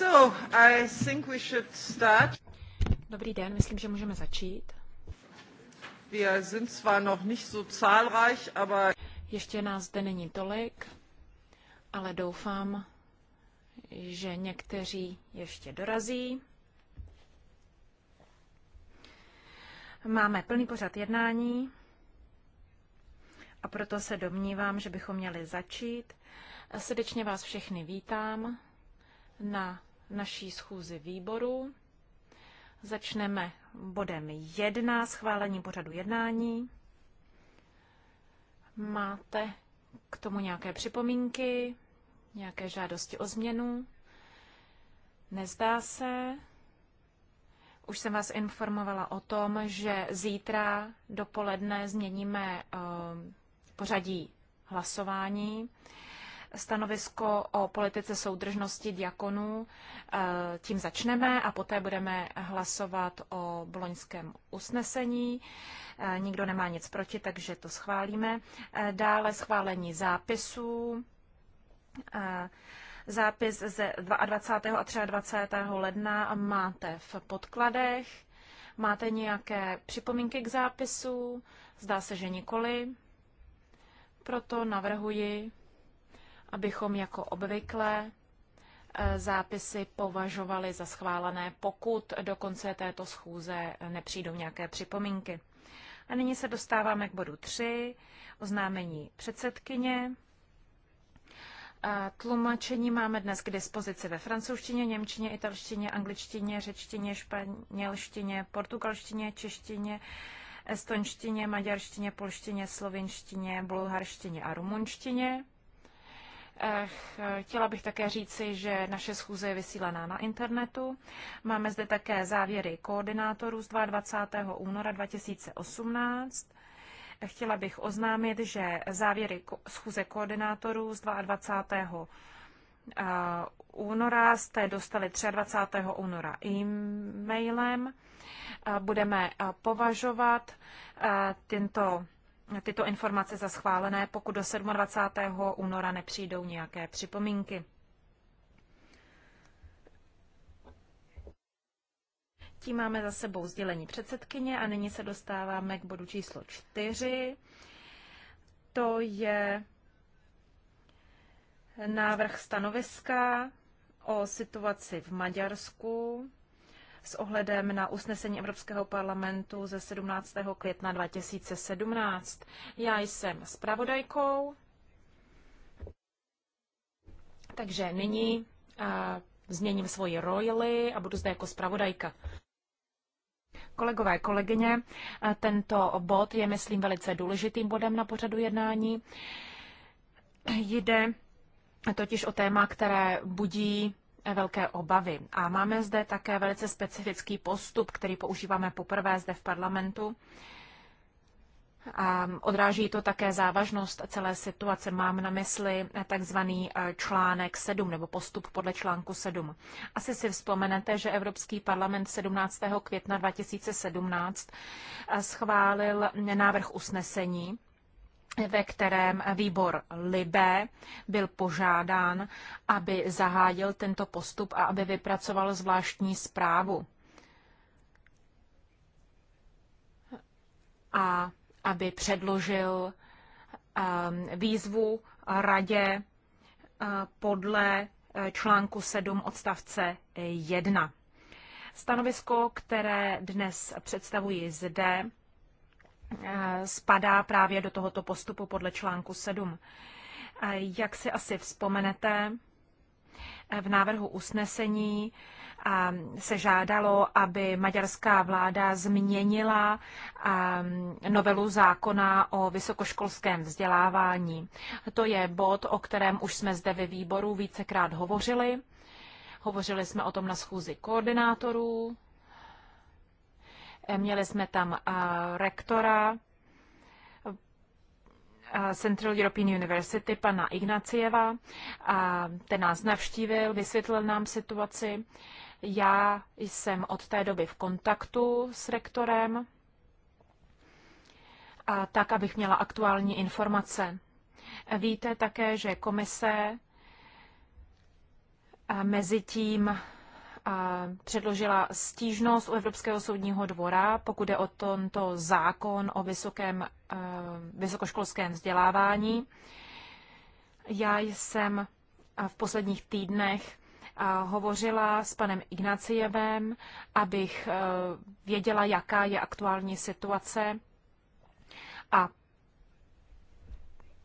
So, I think we should start. Dobrý den, myslím, že můžeme začít. Wir sind zwar noch nicht so zahlreich, aber... Ještě nás zde není tolik, ale doufám, že někteří ještě dorazí. Máme plný pořad jednání a proto se domnívám, že bychom měli začít. Srdečně vás všechny vítám na naší schůzi výboru. Začneme bodem 1, schválení pořadu jednání. Máte k tomu nějaké připomínky, nějaké žádosti o změnu? Nezdá se. Už jsem vás informovala o tom, že zítra dopoledne změníme eh, pořadí hlasování stanovisko o politice soudržnosti diakonů. Eh, tím začneme a poté budeme hlasovat o boloňském usnesení. Eh, nikdo nemá nic proti, takže to schválíme. Eh, dále schválení zápisů. Zápis ze 22. a 23. ledna máte v podkladech. Máte nějaké připomínky k zápisu? Zdá se, že nikoli. Proto navrhuji, abychom jako obvykle eh, zápisy považovali za schválené, pokud do konce této schůze nepřijdou nějaké připomínky. A nyní se dostáváme k bodu 3, oznámení předsedkyně. Eh, tlumačení máme dnes k dispozici ve francouzštině, němčině, italštině, angličtině, řečtině, španělštině, portugalštině, češtině, estonštině, maďarštině, polštině, slovinštině, bulharštině a rumunštině. Eh, chtěla bych také říci, že naše schůze je vysílaná na internetu. Máme zde také závěry koordinátorů z 22. února 2018. Chtěla bych oznámit, že závěry schůze koordinátorů z 22. Eh, února jste dostali 23. února e-mailem. Eh, budeme považovat tento tyto informace za schválené, pokud do 27. února nepřijdou nějaké připomínky. Tím máme za sebou sdělení předsedkyně a nyní se dostáváme k bodu číslo 4. To je návrh stanoviska o situaci v Maďarsku s ohledem na usnesení Evropského parlamentu ze 17. května 2017. Já jsem zpravodajkou, takže nyní a, změním svoji roli a budu zde jako zpravodajka. Kolegové, kolegyně, tento bod je, myslím, velice důležitým bodem na pořadu jednání. Jde totiž o téma, které budí velké obavy. A máme zde také velice specifický postup, který používáme poprvé zde v parlamentu. A odráží to také závažnost celé situace. Mám na mysli takzvaný eh, článek 7 nebo postup podle článku 7. Asi si vzpomenete, že Evropský parlament 17. května 2017 eh, schválil návrh usnesení ve kterém výbor Libe byl požádán, aby zahájil tento postup a aby vypracoval zvláštní zprávu. A aby předložil um, výzvu radě uh, podle uh, článku 7 odstavce 1. Stanovisko, které dnes představuji zde, Eh, spadá právě do tohoto postupu podle článku 7. Eh, jak si asi vzpomenete, eh, v návrhu usnesení se žádalo, aby maďarská vláda změnila novelu zákona o vysokoškolském vzdělávání. To je bod, o kterém už jsme zde ve výboru vícekrát hovořili. Hovořili jsme o tom na schůzi koordinátorů Měli jsme tam rektora Central European University, pana Ignacieva. Ten nás navštívil, vysvětlil nám situaci. Já jsem od té doby v kontaktu s rektorem, a tak, abych měla aktuální informace. Víte také, že komise mezi tím předložila stížnost u Evropského soudního dvora, pokud je o tento zákon o vysokém, eh, vysokoškolském vzdělávání. Já jsem eh, v posledních týdnech eh, hovořila s panem Ignacijevem, abych věděla, jaká je aktuální situace a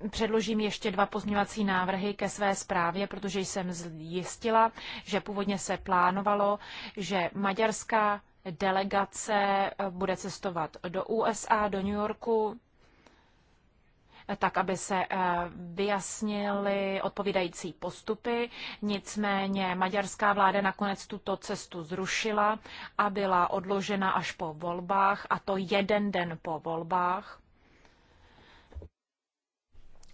předložím ještě dva pozměňovací návrhy ke své zprávě, protože jsem zjistila, že původně se plánovalo, že maďarská delegace eh, bude cestovat do USA, do New Yorku, eh, tak, aby se eh, vyjasnily odpovídající postupy. Nicméně maďarská vláda nakonec tuto cestu zrušila a byla odložena až po volbách, a to jeden den po volbách.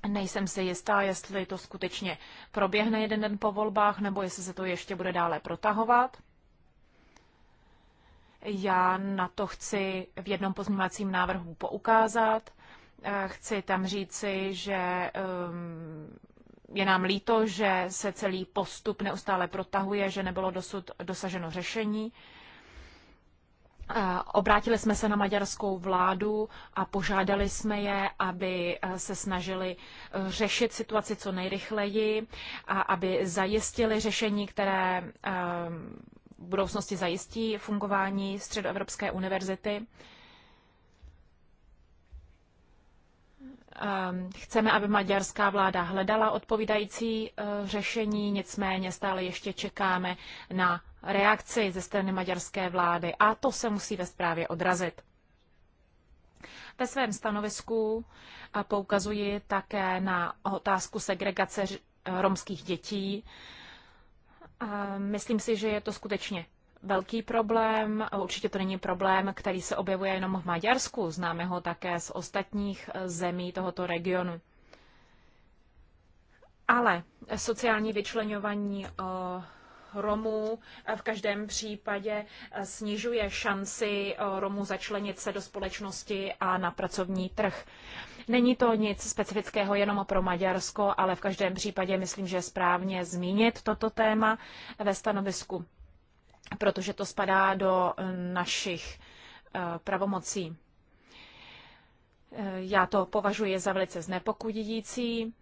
Nejsem si jistá, jestli to skutečně proběhne jeden den po volbách, nebo jestli se to ještě bude dále protahovat. Já na to chci v jednom pozměňovacím návrhu poukázat. Eh, chci tam říci, že ehm, je nám líto, že se celý postup neustále protahuje, že nebylo dosud dosaženo řešení. Eh, obrátili jsme se na maďarskou vládu a požádali jsme je, aby eh, se snažili eh, řešit situaci co nejrychleji a aby zajistili řešení, které v budoucnosti zajistí fungování Středoevropské univerzity. Ehm, chceme, aby maďarská vláda hledala odpovídající řešení, nicméně stále ještě čekáme na reakci ze strany maďarské vlády a to se musí ve zprávě odrazit. Ve svém stanovisku poukazuji také na otázku segregace romských dětí. Myslím si, že je to skutečně velký problém. Určitě to není problém, který se objevuje jenom v Maďarsku. Známe ho také z ostatních e, zemí tohoto regionu. Ale sociální vyčlenování e, Romů eh, v každém případě eh, snižuje šanci eh, Romů začlenit se do společnosti a na pracovní trh. Není to nic specifického jenom pro Maďarsko, ale v každém případě myslím, že je správně zmínit toto téma ve stanovisku, protože to spadá do našich pravomocí. Já to považuji za velice znepokojující.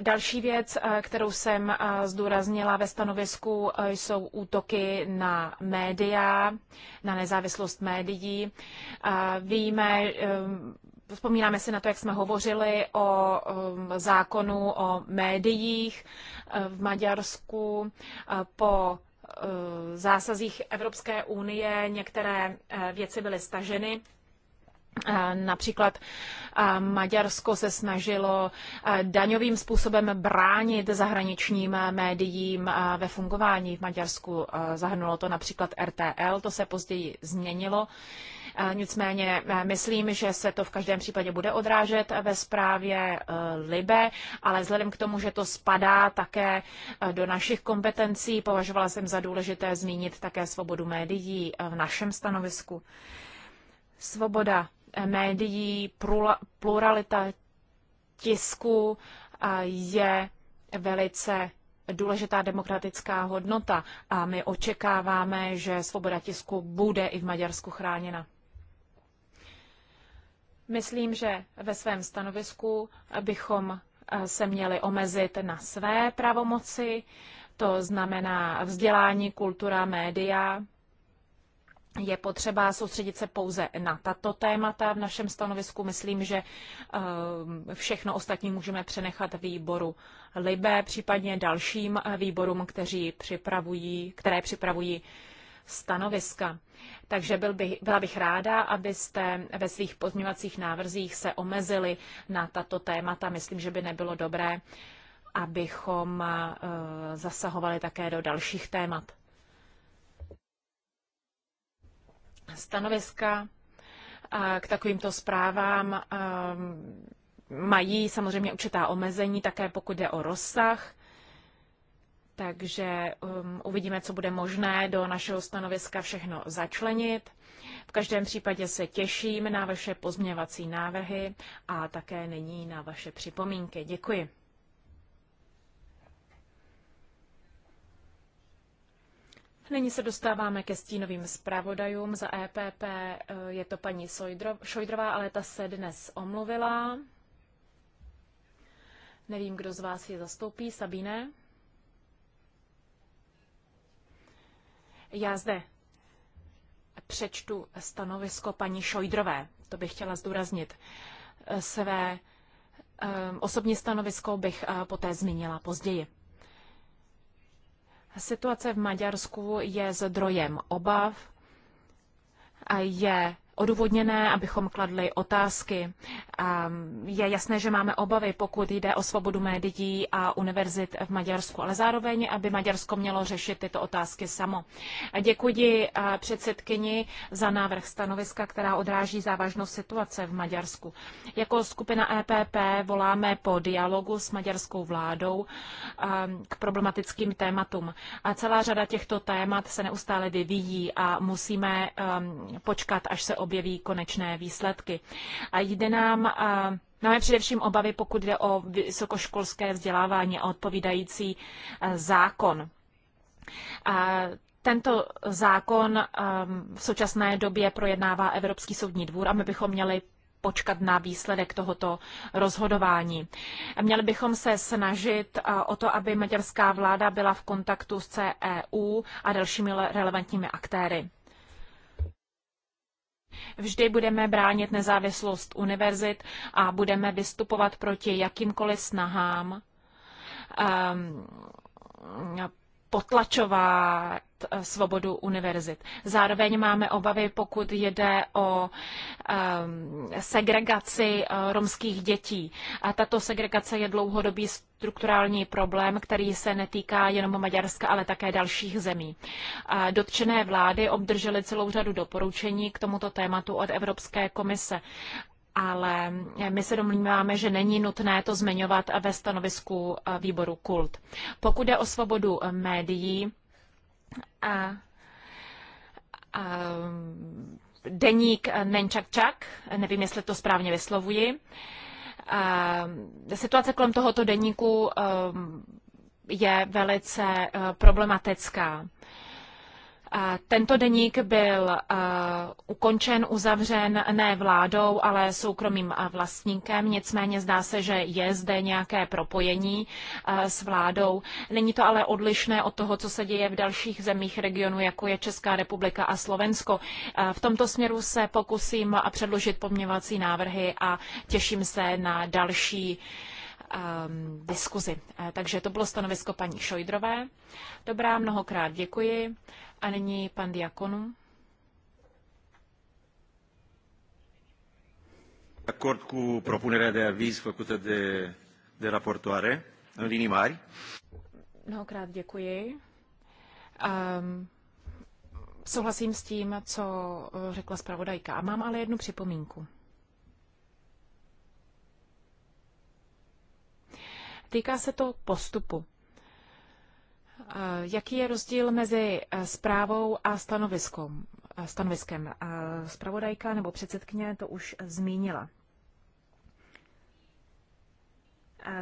Další věc, eh, kterou jsem eh, zdůraznila ve stanovisku, eh, jsou útoky na média, na nezávislost médií. Víme, vzpomínáme si na to, jak jsme hovořili o zákonu o médiích v Maďarsku po zásazích Evropské unie některé věci byly staženy Například Maďarsko se snažilo daňovým způsobem bránit zahraničním médiím ve fungování v Maďarsku. Zahrnulo to například RTL, to se později změnilo. Nicméně myslím, že se to v každém případě bude odrážet ve zprávě Libe, ale vzhledem k tomu, že to spadá také do našich kompetencí, považovala jsem za důležité zmínit také svobodu médií v našem stanovisku. Svoboda médií, pluralita tisku je velice důležitá demokratická hodnota a my očekáváme, že svoboda tisku bude i v Maďarsku chráněna. Myslím, že ve svém stanovisku bychom se měli omezit na své pravomoci, to znamená vzdělání, kultura, média, je potřeba soustředit se pouze na tato témata. V našem stanovisku myslím, že eh, všechno ostatní můžeme přenechat výboru Libe, případně dalším eh, výborům, kteří připravují, které připravují stanoviska. Takže byl bych, byla bych ráda, abyste ve svých pozměňovacích návrzích se omezili na tato témata. Myslím, že by nebylo dobré, abychom eh, zasahovali také do dalších témat. Stanoviska k takovýmto zprávám ehm, mají samozřejmě určitá omezení, také pokud jde o rozsah. Takže um, uvidíme, co bude možné do našeho stanoviska všechno začlenit. V každém případě se těším na vaše pozměvací návrhy a také není na vaše připomínky. Děkuji. Nyní se dostáváme ke stínovým zpravodajům. Za EPP eh, je to paní Šojdrová, ale ta se dnes omluvila. Nevím, kdo z vás je zastoupí. Sabine? Já zde přečtu stanovisko paní Šojdrové. To bych chtěla zdůraznit. Eh, své eh, osobní stanovisko bych poté zmínila později. Situace v Maďarsku je zdrojem obav a je odůvodněné, abychom kladli otázky. Je jasné, že máme obavy, pokud jde o svobodu médií a univerzit v Maďarsku, ale zároveň, aby Maďarsko mělo řešit tyto otázky samo. Děkuji předsedkyni za návrh stanoviska, která odráží závažnou situace v Maďarsku. Jako skupina EPP voláme po dialogu s maďarskou vládou k problematickým tématům. A celá řada těchto témat se neustále vyvíjí a musíme počkat, až se objeví konečné výsledky. A jde nám Máme především obavy, pokud jde o vysokoškolské vzdělávání a odpovídající e, zákon. A tento zákon e, v současné době projednává Evropský soudní dvůr a my bychom měli počkat na výsledek tohoto rozhodování. Měli bychom se snažit e, o to, aby maďarská vláda byla v kontaktu s CEU a dalšími relevantními aktéry. Vždy budeme bránit nezávislost univerzit a budeme vystupovat proti jakýmkoliv snahám um, potlačovat eh, svobodu univerzit. Zároveň máme obavy, pokud jde o um, segregaci eh, romských dětí. A tato segregace je dlouhodobý strukturální problém, který se netýká jenom Maďarska, ale také dalších zemí. A dotčené vlády obdržely celou řadu doporučení k tomuto tématu od Evropské komise ale my se domníváme, že není nutné to zmiňovat ve stanovisku eh, výboru KULT. Pokud jde o svobodu eh, médií, a, a deník eh, Nenčakčak, nevím, jestli to správně vyslovuji, a, situace kolem tohoto deníku je velice problematická. Tento deník byl ukončen, uzavřen ne vládou, ale soukromým vlastníkem, nicméně zdá se, že je zde nějaké propojení s vládou. Není to ale odlišné od toho, co se děje v dalších zemích regionu, jako je Česká republika a Slovensko. V tomto směru se pokusím předložit poměvací návrhy a těším se na další diskuzi. Takže to bylo stanovisko paní Šojdrové. Dobrá, mnohokrát děkuji. A nyní pan Diakonu. acord cu propunerea de aviz făcută de, de raportoare, în linii mari. Mnohokrát děkuji. Um, souhlasím s tím, co řekla zpravodajka. A mám ale jednu připomínku. Týká se to postupu. Eh, jaký je rozdíl mezi eh, zprávou a stanoviskom? Eh, stanoviskem? Spravodajka nebo předsedkyně to už zmínila.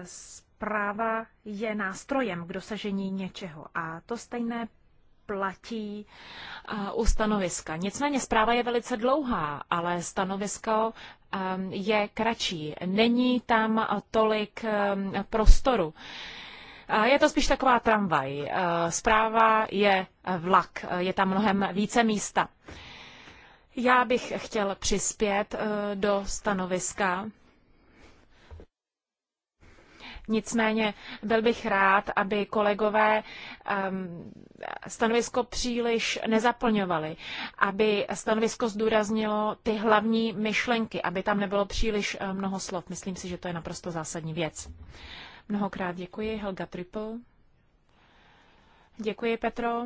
Zpráva je nástrojem k dosažení něčeho a to stejné platí u stanoviska. Nicméně zpráva je velice dlouhá, ale stanovisko je kratší. Není tam tolik prostoru. Eh, je to spíš taková tramvaj. Eh, zpráva je vlak, eh, je tam mnohem více místa. Já bych chtěl přispět do stanoviska. Nicméně byl bych rád, aby kolegové ehm, stanovisko příliš nezaplňovali, aby stanovisko zdůraznilo ty hlavní myšlenky, aby tam nebylo příliš mnoho slov. Myslím si, že to je naprosto zásadní věc. Mnohokrát děkuji, Helga Triple. Děkuji, Petro.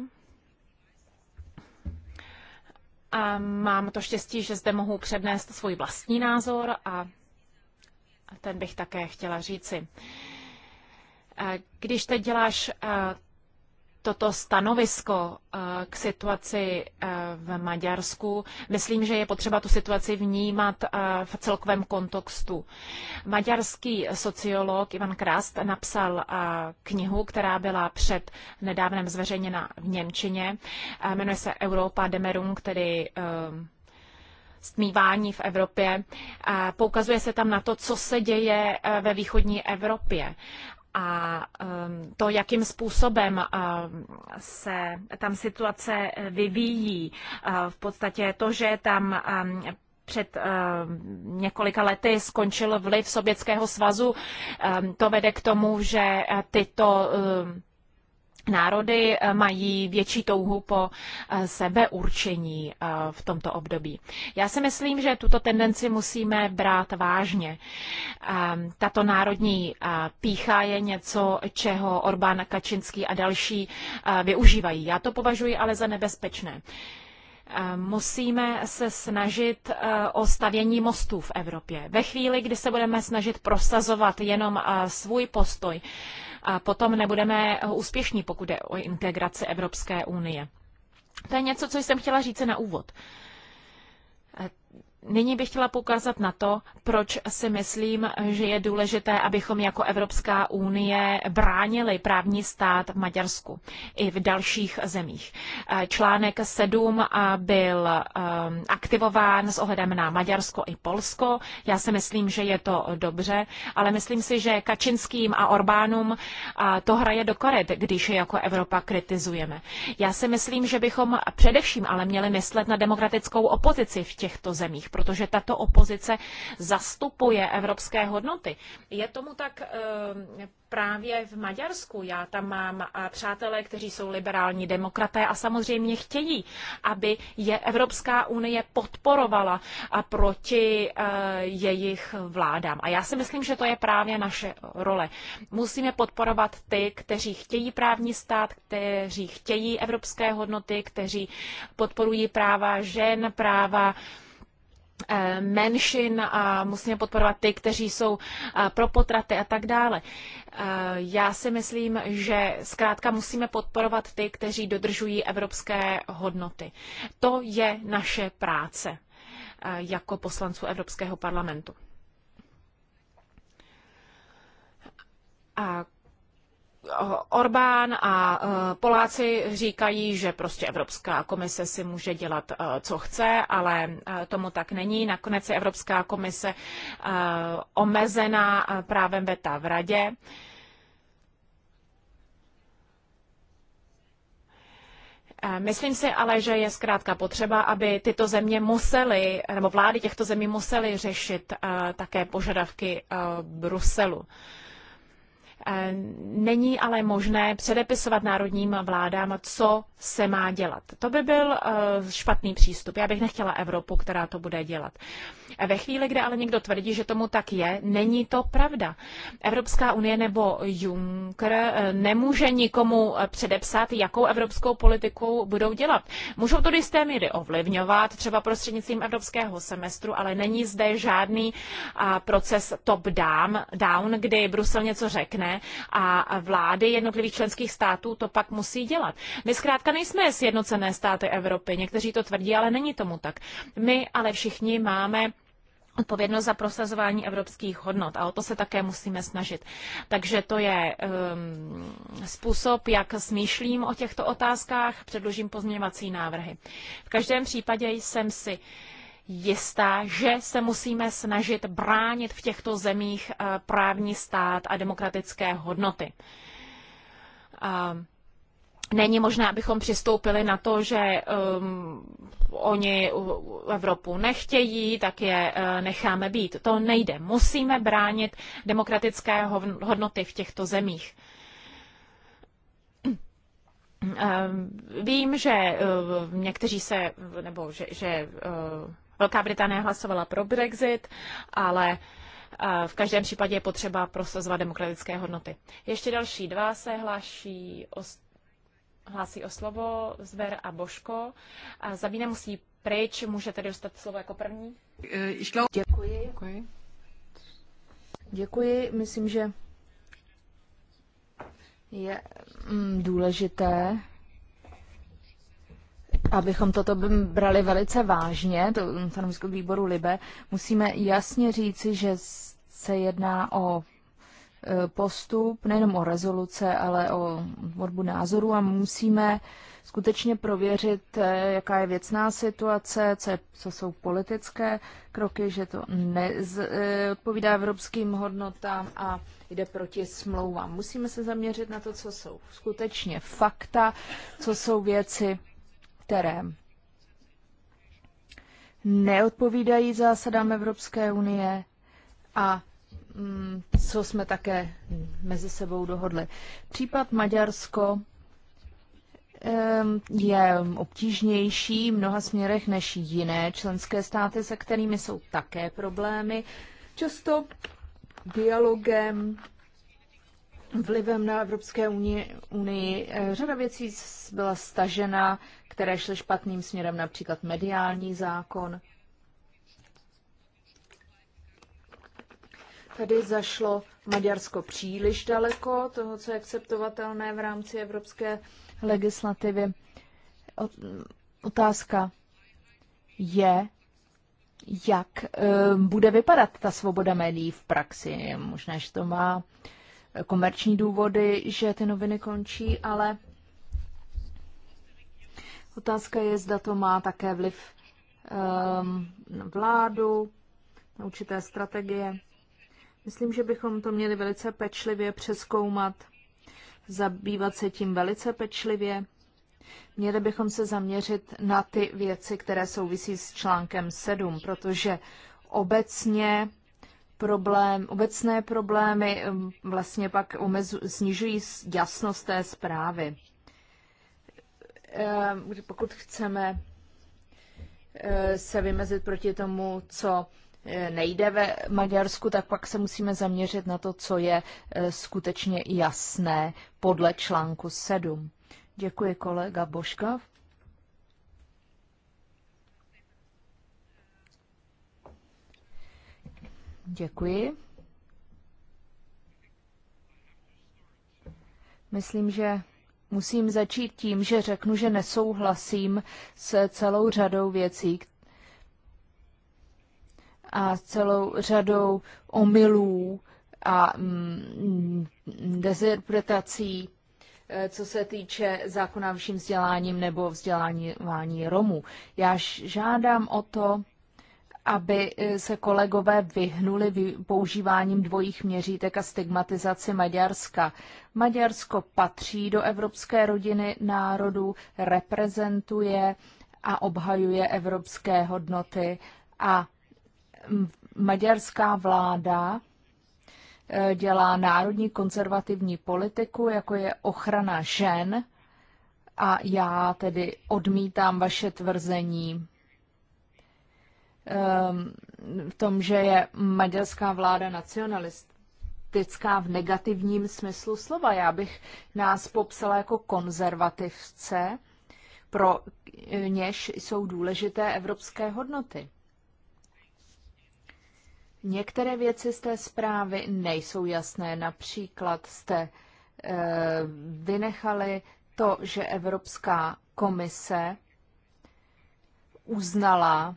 A mám to štěstí, že zde mohu přednést svůj vlastní názor a ten bych také chtěla říci. Když teď děláš toto stanovisko eh, k situaci eh, v Maďarsku. Myslím, že je potřeba tu situaci vnímat eh, v celkovém kontextu. Maďarský sociolog Ivan Krast napsal knihu, která byla před nedávnem zveřejněna v Němčině. Jmenuje se Europa Demerung, který stmívání v Evropě. Poukazuje se tam na to, co se děje ve východní Evropě a um, to, jakým způsobem uh, se tam situace vyvíjí. Uh, v podstatě to, že tam um, před uh, několika lety skončil vliv Sovětského svazu, um, to vede k tomu, že tyto národy eh, mají větší touhu po eh, sebeurčení eh, v tomto období. Já si myslím, že tuto tendenci musíme brát vážně. Ehm, tato národní pícha je něco, čeho Orbán Kačinský a další využívají. Já to považuji ale za nebezpečné. Ehm, musíme se snažit o stavění mostů v Evropě. Ve chvíli, kdy se budeme snažit prosazovat jenom svůj postoj, a potom nebudeme eh, úspěšní, pokud je o integraci Evropské unie. To je něco, co jsem chtěla říct na úvod. Nyní bych chtěla poukázat na to, proč si myslím, že je důležité, abychom jako Evropská unie bránili právní stát v Maďarsku i v dalších zemích. Článek 7 byl um, aktivován s ohledem na Maďarsko i Polsko. Já si myslím, že je to dobře, ale myslím si, že Kačinským a Orbánům to hraje do karet, když je jako Evropa kritizujeme. Já si myslím, že bychom především ale měli myslet na demokratickou opozici v těchto zemích zemích, protože tato opozice zastupuje evropské hodnoty. Je tomu tak eh, právě v Maďarsku. Já tam mám eh, přátelé, kteří jsou liberální demokraté a samozřejmě chtějí, aby je Evropská unie podporovala a eh, proti jejich vládám. A já si myslím, že to je právě naše role. Musíme podporovat ty, kteří chtějí právní stát, kteří chtějí evropské hodnoty, kteří podporují práva žen, práva uh, Eh, menšin a musíme podporovat ty, kteří jsou eh, pro potraty a tak dále. Eh, já si myslím, že zkrátka musíme podporovat ty, kteří dodržují evropské hodnoty. To je naše práce jako poslanců Evropského parlamentu. A Orbán a eh, Poláci říkají, že prostě Evropská komise si může dělat, eh, co chce, ale eh, tomu tak není. Nakonec je Evropská komise omezená právem veta v radě. Myslím si ale, že je zkrátka potřeba, aby tyto země musely, nebo vlády těchto zemí musely řešit také požadavky Bruselu. Eh, není ale možné předepisovat národním vládám, co se má dělat. To by byl eh, špatný přístup. Já bych nechtěla Evropu, která to bude dělat. Eh, ve chvíli, kdy ale někdo tvrdí, že tomu tak je, není to pravda. Evropská unie nebo Juncker nemůže nikomu předepsat, jakou evropskou politiku budou dělat. Můžou to do jisté míry ovlivňovat, třeba prostřednictvím evropského semestru, ale není zde žádný proces top-down, down, kdy Brusel něco řekne občané a vlády jednotlivých členských států to pak musí dělat. My zkrátka nejsme sjednocené státy Evropy, někteří to tvrdí, ale není tomu tak. My ale všichni máme odpovědnost za prosazování evropských hodnot a o to se také musíme snažit. Takže to je um, způsob, jak smýšlím o těchto otázkách, předložím pozměňovací návrhy. V každém případě jsem si uh, jistá, že se musíme snažit bránit v těchto zemích eh, právní stát a demokratické hodnoty. Eh, není možné, abychom přistoupili na to, že um, oni Evropu nechtějí, tak je uh, necháme být. To nejde. Musíme bránit demokratické hodnoty v těchto zemích. Vím, že někteří se, nebo že, že Velká Británie hlasovala pro Brexit, ale eh, v každém případě je potřeba prosazovat demokratické hodnoty. Ještě další dva se hláší o, hlásí o slovo Zver a Božko. Zabíne musí pryč, může tedy dostat slovo jako první. Eh, Děkuji. Děkuji. Děkuji, myslím, že je mm, důležité abychom toto brali velice vážně, to stanovisko výboru Libe, musíme jasně říci, že se jedná o e, postup, nejenom o rezoluce, ale o tvorbu názoru a musíme skutečně prověřit, e, jaká je věcná situace, co, je, co jsou politické kroky, že to neodpovídá e, evropským hodnotám a jde proti smlouvám. Musíme se zaměřit na to, co jsou skutečně fakta, co jsou věci, které neodpovídají zásadám Evropské unie a mm, co jsme také mezi sebou dohodli. Případ Maďarsko je obtížnější v mnoha směrech než jiné členské státy, se kterými jsou také problémy. Často dialogem, vlivem na Evropské unii, unii eh, řada věcí byla stažena, které šly špatným směrem, například mediální zákon. Tady zašlo Maďarsko příliš daleko toho, co je akceptovatelné v rámci evropské legislativy. Otázka je, jak eh, bude vypadat ta svoboda médií v praxi. Možná, že to má komerční důvody, že ty noviny končí, ale otázka je, zda to má také vliv um, na vládu, na určité strategie. Myslím, že bychom to měli velice pečlivě přeskoumat, zabývat se tím velice pečlivě. Měli bychom se zaměřit na ty věci, které souvisí s článkem 7, protože obecně problém, obecné problémy um, vlastně pak omezu, snižují jasnost té zprávy. Ehm, pokud chceme eh, se vymezit proti tomu, co eh, nejde ve Maďarsku, tak pak se musíme zaměřit na to, co je eh, skutečně jasné podle článku 7. Děkuji kolega Boškov. Děkuji. Myslím, že musím začít tím, že řeknu, že nesouhlasím s celou řadou věcí a s celou řadou omylů a mm, dezinterpretací, eh, co se týče zákona vším vzděláním nebo vzdělávání Romů. Já žádám o to, aby eh, se kolegové vyhnuli používáním dvojích měřítek a stigmatizaci Maďarska. Maďarsko patří do evropské rodiny národů, reprezentuje a obhajuje evropské hodnoty a maďarská vláda eh, dělá národní konzervativní politiku, jako je ochrana žen a já tedy odmítám vaše tvrzení Ehm, v tom, že je maďarská vláda nacionalistická v negativním smyslu slova. Já bych nás popsala jako konzervativce, pro něž jsou důležité evropské hodnoty. Některé věci z té zprávy nejsou jasné. Například jste e, vynechali to, že Evropská komise uznala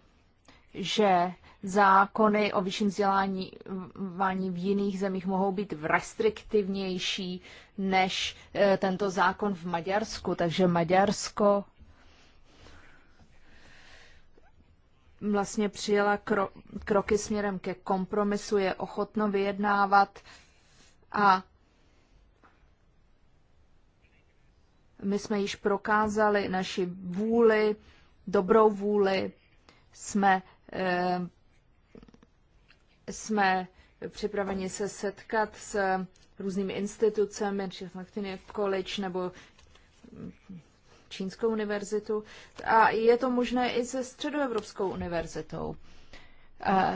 že zákony o vyšším vzdělávání v jiných zemích mohou být restriktivnější než e, tento zákon v Maďarsku. Takže Maďarsko vlastně přijela kro, kroky směrem ke kompromisu, je ochotno vyjednávat a my jsme již prokázali naši vůli, dobrou vůli, jsme Eh, jsme připraveni se setkat s různými institucemi, či College nebo Čínskou univerzitu. A je to možné i se Středoevropskou univerzitou. A,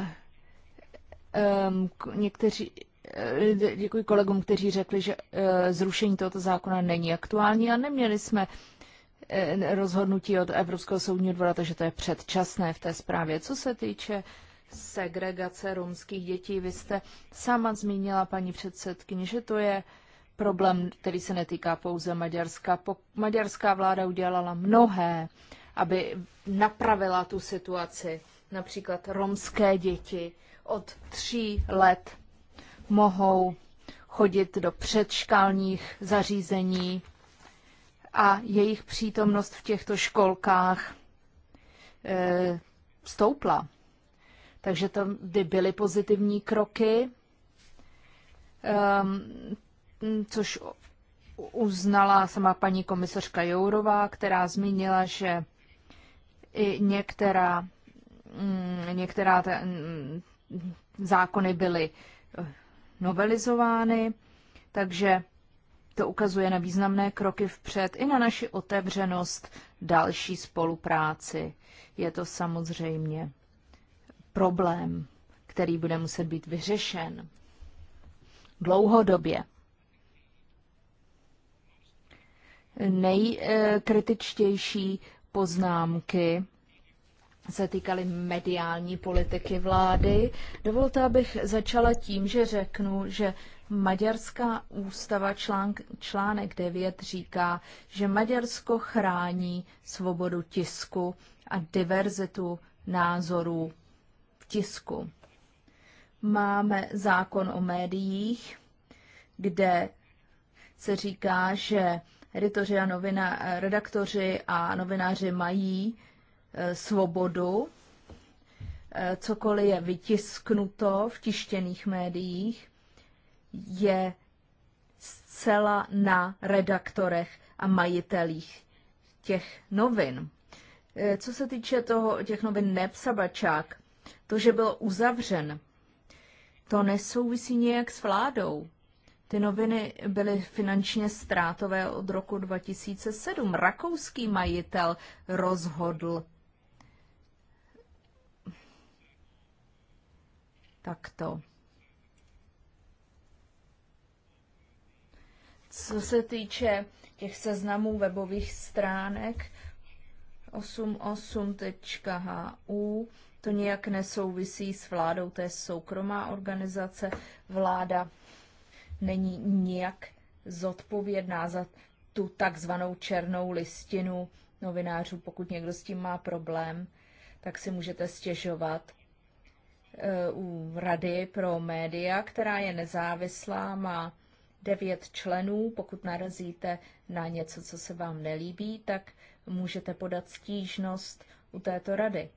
um, někteří, eh, děkuji kolegům, kteří řekli, že uh, zrušení tohoto zákona není aktuální a neměli jsme Eh, rozhodnutí od Evropského soudního dvora, takže to je předčasné v té zprávě. Co se týče segregace romských dětí, vy jste sama zmínila, paní předsedkyně, že to je problém, který se netýká pouze Maďarska. maďarská vláda udělala mnohé, aby napravila tu situaci. Například romské děti od tří let mohou chodit do předškolních zařízení, a jejich přítomnost v těchto školkách e, stoupla. Takže tam by byly pozitivní kroky, e, což uznala sama paní komisařka Jourová, která zmínila, že i některá, mm, některá ta, mm, zákony byly novelizovány, takže to ukazuje na významné kroky vpřed i na naši otevřenost další spolupráci. Je to samozřejmě problém, který bude muset být vyřešen dlouhodobě. Nejkritičtější poznámky se týkaly mediální politiky vlády. Dovolte, abych začala tím, že řeknu, že Maďarská ústava článk, článek 9 říká, že Maďarsko chrání svobodu tisku a diverzitu názorů v tisku. Máme zákon o médiích, kde se říká, že editoři a novina, redaktoři a novináři mají Eh, svobodu. Eh, cokoliv je vytisknuto v tištěných médiích, je zcela na redaktorech a majitelích těch novin. Eh, co se týče toho, těch novin Nepsabačák, to, že byl uzavřen, to nesouvisí nějak s vládou. Ty noviny byly finančně ztrátové od roku 2007. Rakouský majitel rozhodl takto. Co se týče těch seznamů webových stránek 88.hu, to nějak nesouvisí s vládou, to je soukromá organizace. Vláda není nijak zodpovědná za tu takzvanou černou listinu novinářů. Pokud někdo s tím má problém, tak si můžete stěžovat Eh, u Rady pro média, která je nezávislá, má devět členů. Pokud narazíte na něco, co se vám nelíbí, tak můžete podat stížnost u této rady.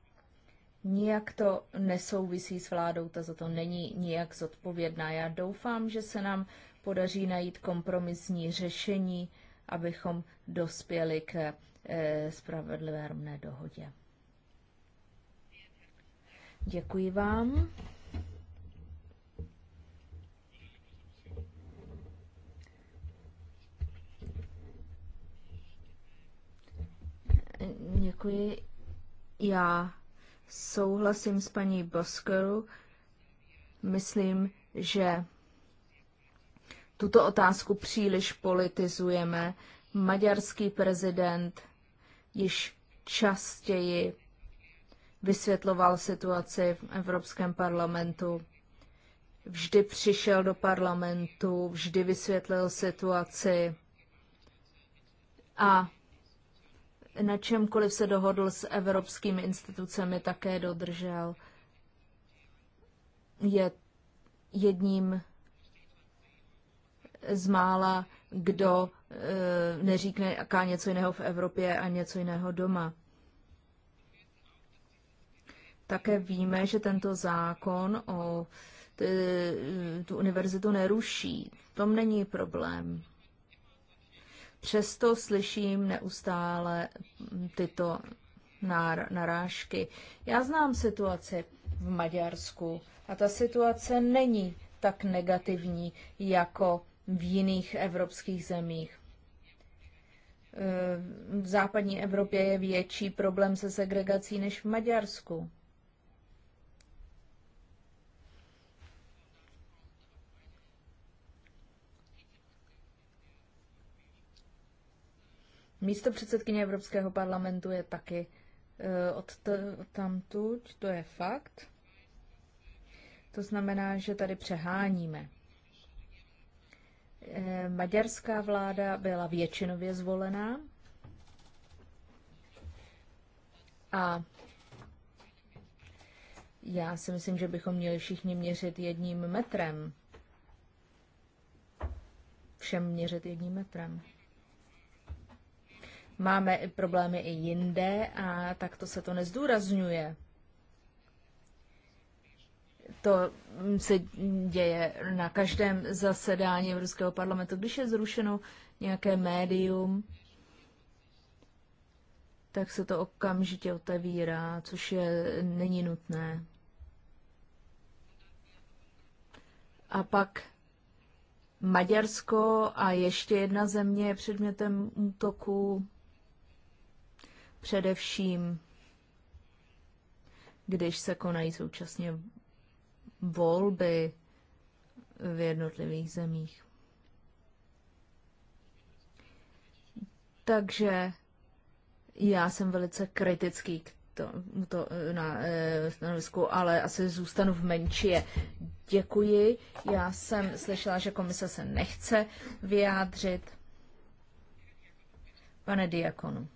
Nijak to nesouvisí s vládou, ta za to není nijak zodpovědná. Já doufám, že se nám podaří najít kompromisní řešení, abychom dospěli k eh, spravedlivé rovné dohodě. Děkuji vám. Děkuji. Já souhlasím s paní Boskou. Myslím, že tuto otázku příliš politizujeme. Maďarský prezident již častěji vysvětloval situaci v Evropském parlamentu, vždy přišel do parlamentu, vždy vysvětlil situaci a na čemkoliv se dohodl s evropskými institucemi, také dodržel. Je jedním z mála, kdo e, neříkne, jaká něco jiného v Evropě a něco jiného doma. Také víme, že tento zákon o tu univerzitu neruší. V tom není problém. Přesto slyším neustále tyto narážky. Já znám situaci v Maďarsku a ta situace není tak negativní jako v jiných evropských zemích. V západní Evropě je větší problém se segregací než v Maďarsku. Místo předsedkyně Evropského parlamentu je taky eh, od tamtuť, to je fakt. To znamená, že tady přeháníme. Eh, maďarská vláda byla většinově zvolená a já si myslím, že bychom měli všichni měřit jedním metrem. Všem měřit jedním metrem. Máme i problémy i jinde a takto se to nezdůrazňuje. To se děje na každém zasedání Evropského parlamentu. Když je zrušeno nějaké médium, tak se to okamžitě otevírá, což je není nutné. A pak Maďarsko a ještě jedna země je předmětem útoku. Především, když se konají současně volby v jednotlivých zemích. Takže já jsem velice kritický k to, to na e, stanovisku, ale asi zůstanu v menší. Děkuji. Já jsem slyšela, že komise se nechce vyjádřit. Pane Diakonu.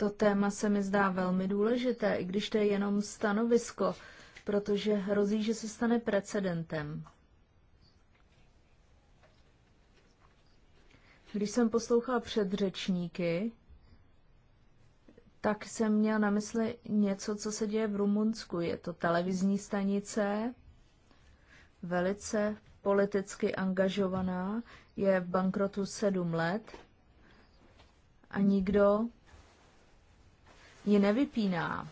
To téma se mi zdá velmi důležité, i když to je jenom stanovisko, protože hrozí, že se stane precedentem. Když jsem poslouchala předřečníky, tak jsem měl na mysli něco, co se děje v Rumunsku. Je to televizní stanice, velice politicky angažovaná, je v bankrotu sedm let a nikdo ji nevypíná.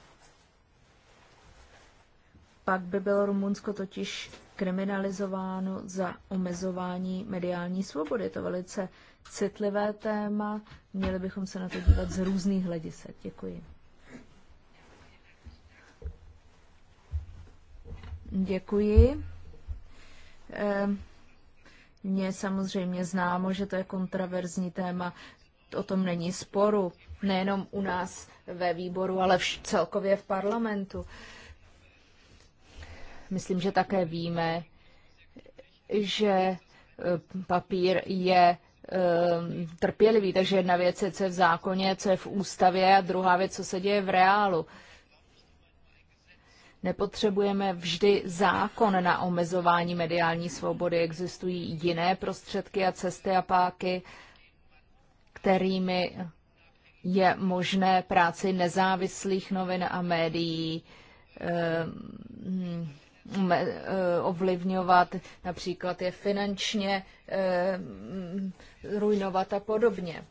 Pak by bylo Rumunsko totiž kriminalizováno za omezování mediální svobody. Je to velice citlivé téma, měli bychom se na to dívat z různých hledisek. Děkuji. Děkuji. Eh, mně samozřejmě známo, že to je kontraverzní téma, o tom není sporu nejenom u nás ve výboru, ale vš- celkově v parlamentu. Myslím, že také víme, že e, papír je e, trpělivý, takže jedna věc je, co je v zákoně, co je v ústavě a druhá věc, co se děje v reálu. Nepotřebujeme vždy zákon na omezování mediální svobody. Existují jiné prostředky a cesty a páky, kterými je možné práci nezávislých novin a médií eh, mm, eh, ovlivňovat, například je finančně eh, ruinovat a podobně.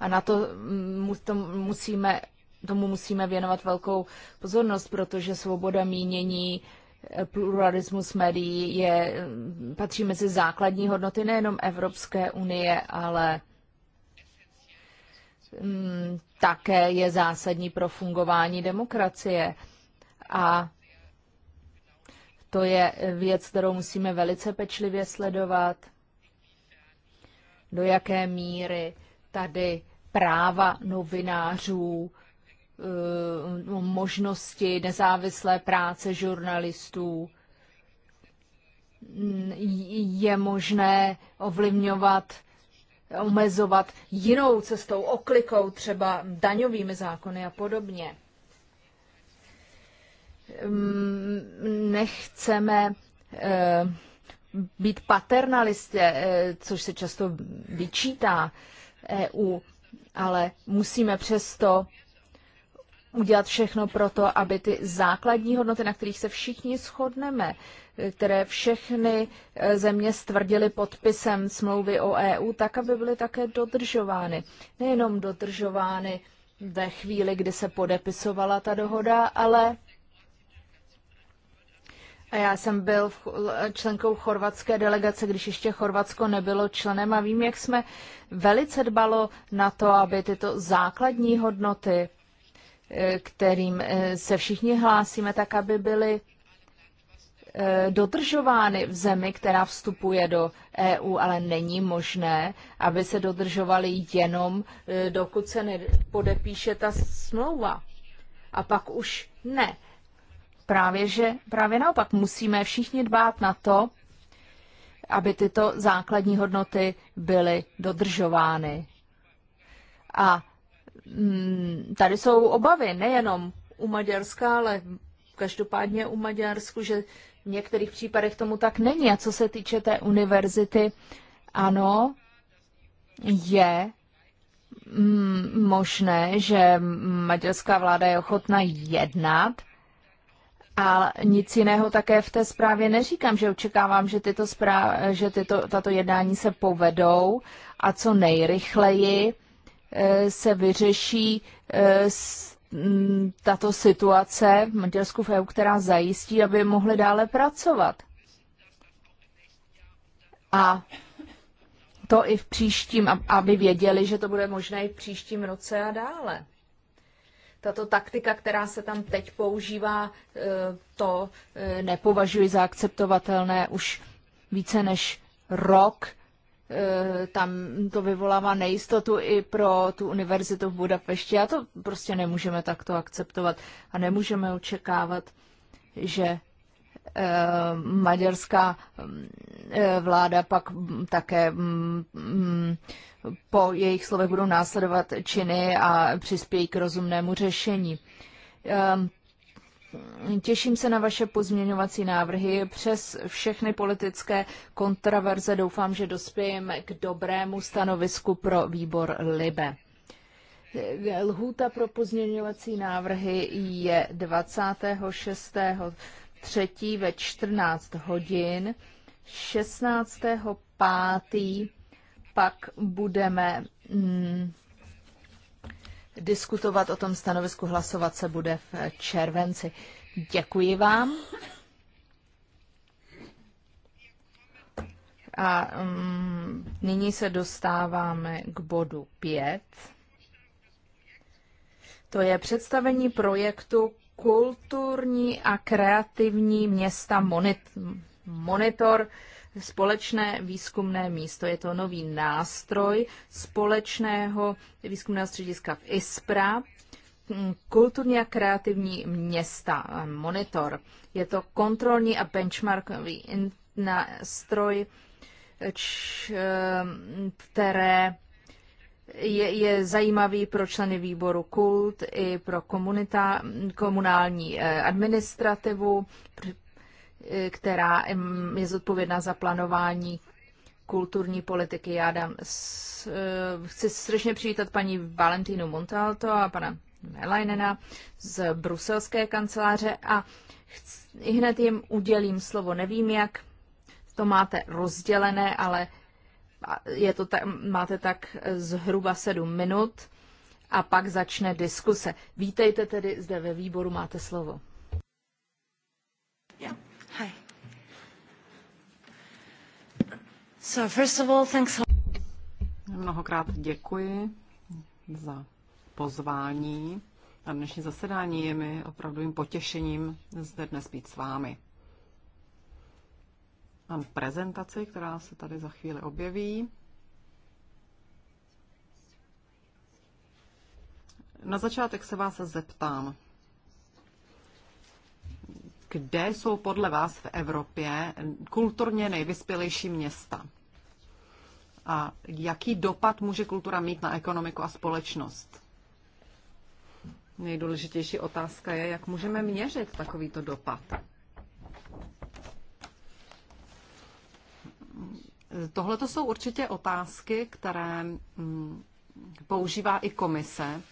A na to, mm, to musíme, tomu musíme věnovat velkou pozornost, protože svoboda mínění, pluralismus médií je, mm, patří mezi základní hodnoty nejenom Evropské unie, ale Mm, také je zásadní pro fungování demokracie. A to je věc, kterou musíme velice pečlivě sledovat, do jaké míry tady práva novinářů, eh, možnosti nezávislé práce žurnalistů, mm, je možné ovlivňovat omezovat jinou cestou, oklikou, třeba daňovými zákony a podobně. Hm, nechceme eh, být paternalisté, eh, což se často vyčítá EU, ale musíme přesto udělat všechno pro to, aby ty základní hodnoty, na kterých se všichni shodneme, které všechny eh, země stvrdily podpisem smlouvy o EU, tak, aby byly také dodržovány. Nejenom dodržovány ve chvíli, kdy se podepisovala ta dohoda, ale a já jsem byl členkou chorvatské delegace, když ještě Chorvatsko nebylo členem a vím, jak jsme velice dbalo na to, aby tyto základní hodnoty, eh, kterým eh, se všichni hlásíme, tak aby byly Eh, dodržovány v zemi, která vstupuje do EU, ale není možné, aby se dodržovaly jenom, eh, dokud se nepodepíše ta smlouva. A pak už ne. Právě, že, právě naopak musíme všichni dbát na to, aby tyto základní hodnoty byly dodržovány. A mm, tady jsou obavy nejenom u Maďarska, ale každopádně u Maďarsku, že v některých případech tomu tak není. A co se týče té univerzity, ano, je mm, možné, že maďarská vláda je ochotna jednat, a nic jiného také v té zprávě neříkám, že očekávám, že, tyto zpráv, že tyto, tato jednání se povedou a co nejrychleji eh, se vyřeší eh, Mm, tato situace v Maďarsku v EU, která zajistí, aby mohli dále pracovat. A to i v příštím, aby věděli, že to bude možné i v příštím roce a dále. Tato taktika, která se tam teď používá, e, to e, nepovažuji za akceptovatelné už více než rok Eh, tam to vyvolává nejistotu i pro tu univerzitu v Budapešti a to prostě nemůžeme takto akceptovat a nemůžeme očekávat, že eh, maďarská eh, vláda pak mm, také mm, po jejich slovech budou následovat činy a přispějí k rozumnému řešení. Těším se na vaše pozměňovací návrhy. Přes všechny politické kontraverze doufám, že dospějeme k dobrému stanovisku pro výbor LIBE. Lhůta pro pozměňovací návrhy je 26. 3. ve 14 hodin. 16. 5. pak budeme mm, diskutovat o tom stanovisku, hlasovat se bude v červenci. Děkuji vám. A um, nyní se dostáváme k bodu 5. To je představení projektu Kulturní a kreativní města Monit- Monitor společné výzkumné místo. Je to nový nástroj společného výzkumného střediska v ISPRA, hm, kulturní a kreativní města, monitor. Je to kontrolní a benchmarkový nástroj, hm, které je, je zajímavý pro členy výboru kult i pro komunita, komunální eh, administrativu, která je zodpovědná za plánování kulturní politiky. Já dám, s, eh, chci srdečně přivítat paní Valentínu Montalto a pana Melajnena z bruselské kanceláře a chci, hned jim udělím slovo. Nevím, jak to máte rozdělené, ale je to tak, máte tak zhruba sedm minut a pak začne diskuse. Vítejte tedy zde ve výboru, máte slovo. Yeah. So first of all, thanks Mnohokrát děkuji za pozvání na dnešní zasedání. Je mi opravdovým potěšením zde dnes být s vámi. Mám prezentaci, která se tady za chvíli objeví. Na začátek se vás zeptám, kde jsou podle vás v Evropě kulturně nejvyspělejší města? A jaký dopad může kultura mít na ekonomiku a společnost? Nejdůležitější otázka je, jak můžeme měřit takovýto dopad. Tohle to jsou určitě otázky, které mm, používá i komise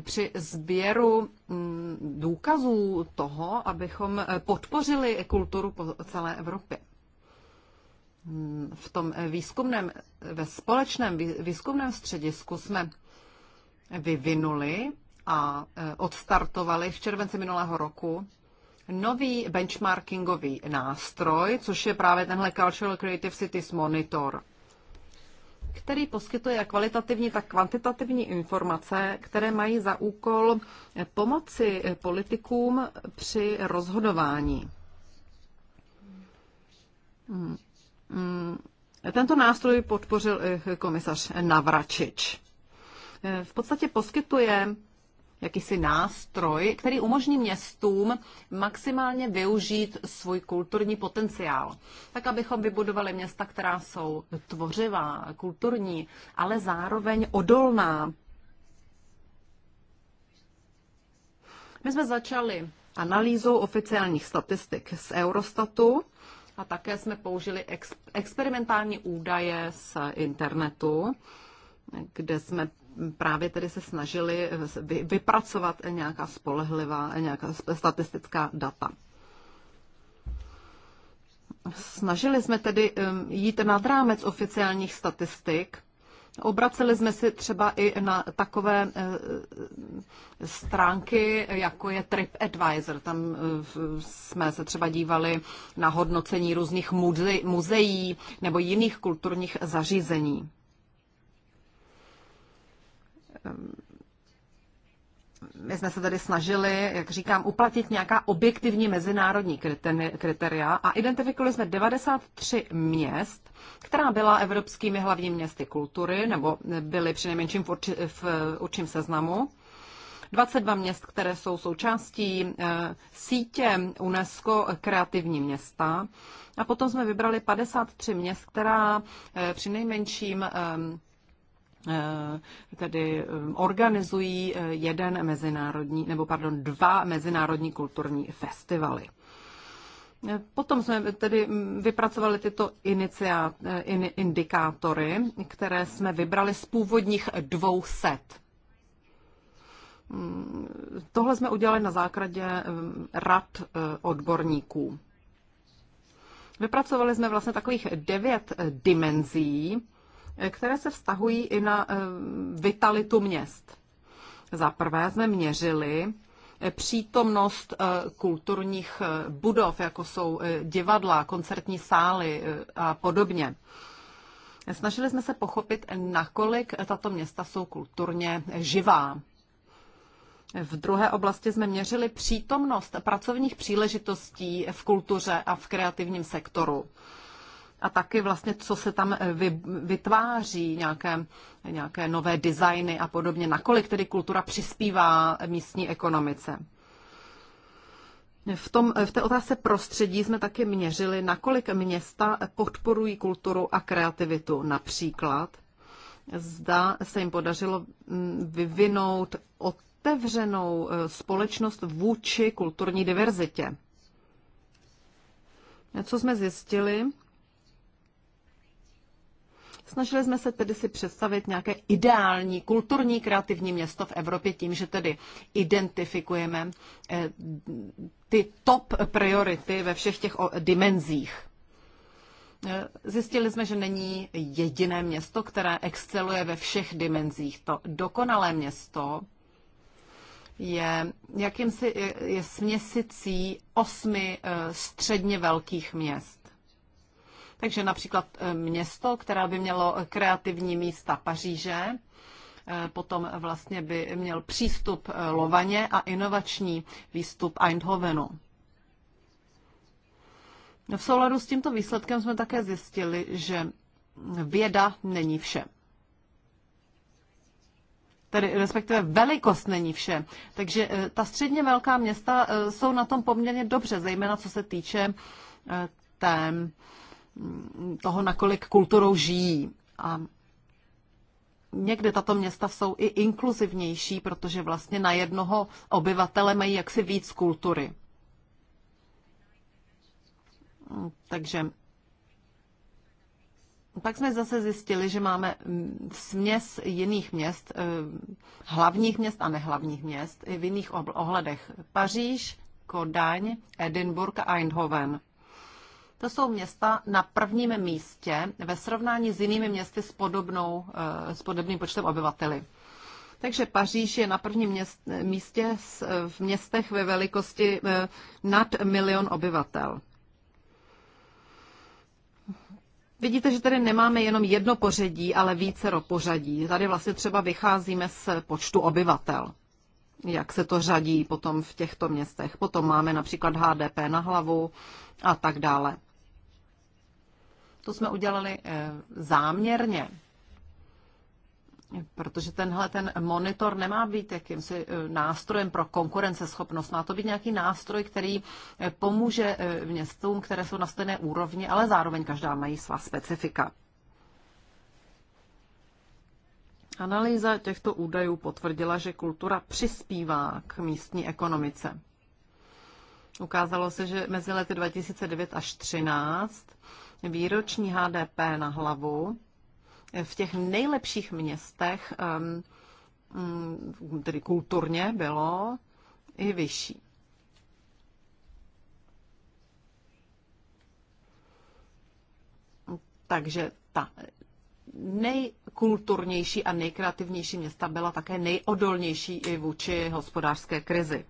při sběru mm, důkazů toho, abychom eh, podpořili kulturu po celé Evropě. V tom eh, výzkumném, eh, ve společném výzkumném středisku jsme vyvinuli a odstartovali v červenci minulého roku nový benchmarkingový nástroj, což je právě tenhle Cultural Creative Cities Monitor který poskytuje jak kvalitativní, tak kvantitativní informace, které mají za úkol pomoci politikům při rozhodování. Tento nástroj podpořil i komisař Navračič. V podstatě poskytuje jakýsi nástroj, který umožní městům maximálně využít svůj kulturní potenciál. Tak, abychom vybudovali města, která jsou tvořivá, kulturní, ale zároveň odolná. My jsme začali analýzou oficiálních statistik z Eurostatu a také jsme použili ex- experimentální údaje z internetu, kde jsme právě tedy se snažili eh, vypracovat nějaká spolehlivá, nějaká statistická data. Snažili jsme tedy jít nad rámec oficiálních statistik, Obraceli jsme si třeba i na takové eh, stránky, jako je TripAdvisor. Tam eh, jsme se třeba dívali na hodnocení různých muzeí nebo jiných kulturních zařízení. Um, my jsme se tady snažili, jak říkám, uplatit nějaká objektivní mezinárodní kritéria a identifikovali jsme 93 měst, která byla evropskými hlavními městy kultury, nebo byly přinejmenším v, urči, v určím seznamu. 22 měst, které jsou součástí eh, sítě UNESCO kreativní města. A potom jsme vybrali 53 měst, která eh, přinejmenším ehm, Eh, tedy eh, organizují eh, jeden mezinárodní, nebo pardon, dva mezinárodní kulturní festivaly. Potom jsme tedy mm, vypracovali tyto iniciá, in, indikátory, které jsme vybrali z původních dvou set. Mm, tohle jsme udělali na základě rad odborníků. Vypracovali jsme vlastně takových devět dimenzí, které se vztahují i na eh, vitalitu měst. Za prvé jsme měřili eh, přítomnost eh, kulturních budov, jako jsou divadla, koncertní sály a podobně. Snažili jsme se pochopit, nakolik tato města jsou kulturně živá. V druhé oblasti jsme měřili přítomnost pracovních příležitostí v kultuře a v kreativním sektoru a taky vlastně, co se tam eh, vy, vytváří, nějaké, nějaké nové designy a podobně, nakolik tedy kultura přispívá místní ekonomice. V, tom, v té otázce prostředí jsme taky měřili, nakolik města podporují kulturu a kreativitu. Například, zda se jim podařilo mm, vyvinout otevřenou eh, společnost vůči kulturní diverzitě. Co jsme zjistili, Snažili jsme se tedy si představit nějaké ideální kulturní kreativní město v Evropě tím, že tedy identifikujeme eh, ty top priority ve všech těch dimenzích. Eh, zjistili jsme, že není jediné město, které exceluje ve všech dimenzích. To dokonalé město je jakýmsi je směsicí osmi eh, středně velkých měst. Takže například eh, město, které by mělo kreativní místa Paříže, eh, potom vlastně by měl přístup eh, Lovaně a inovační výstup Eindhovenu. V souladu s tímto výsledkem jsme také zjistili, že věda není vše. Tedy respektive velikost není vše. Takže ta středně velká města jsou na tom poměrně dobře, zejména co se týče té toho, nakolik kulturou žijí. A někdy tato města jsou i inkluzivnější, protože vlastně na jednoho obyvatele mají jaksi víc kultury. Takže pak jsme zase zjistili, že máme směs jiných měst, eh, hlavních měst a nehlavních měst i v jiných ohledech. Paříž, Kodaň, Edinburgh a Eindhoven. To jsou města na prvním místě ve srovnání s jinými městy s, podobnou, eh, s podobným počtem obyvateli. Takže Paříž je na prvním měst, místě eh, v městech ve velikosti eh, nad milion obyvatel. Vidíte, že tady nemáme jenom jedno pořadí, ale více pořadí. Tady vlastně třeba vycházíme z počtu obyvatel, jak se to řadí potom v těchto městech. Potom máme například HDP na hlavu a tak dále. To jsme udělali eh, záměrně, protože tenhle ten monitor nemá být jakýmsi eh, nástrojem pro konkurenceschopnost. Má to být nějaký nástroj, který eh, pomůže městům, které jsou na stejné úrovni, ale zároveň každá mají svá specifika. Analýza těchto údajů potvrdila, že kultura přispívá k místní ekonomice. Ukázalo se, že mezi lety 2009 až 2013 výroční HDP na hlavu v těch nejlepších městech, mm, tedy kulturně, bylo i vyšší. Takže ta nejkulturnější a nejkreativnější města byla také nejodolnější i vůči hospodářské krizi.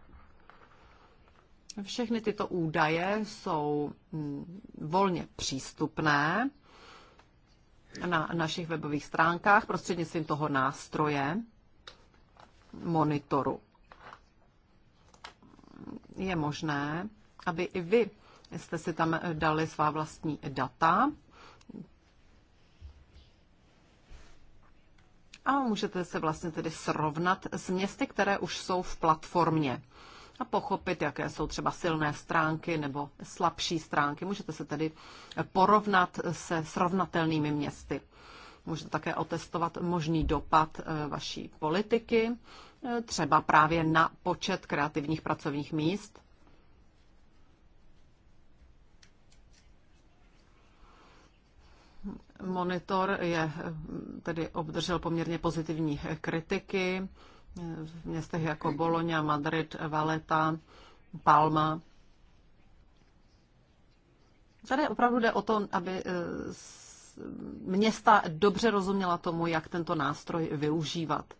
Všechny tyto údaje jsou mm, volně přístupné na našich webových stránkách prostřednictvím toho nástroje monitoru. Je možné, aby i vy jste si tam dali svá vlastní data a můžete se vlastně tedy srovnat s městy, které už jsou v platformě a pochopit, jaké jsou třeba silné stránky nebo slabší stránky. Můžete se tedy porovnat se srovnatelnými městy. Můžete také otestovat možný dopad eh, vaší politiky, eh, třeba právě na počet kreativních pracovních míst. Monitor je eh, tedy obdržel poměrně pozitivní kritiky v městech jako Bologna, Madrid, Valeta, Palma. Tady opravdu jde o to, aby eh, města dobře rozuměla tomu, jak tento nástroj využívat.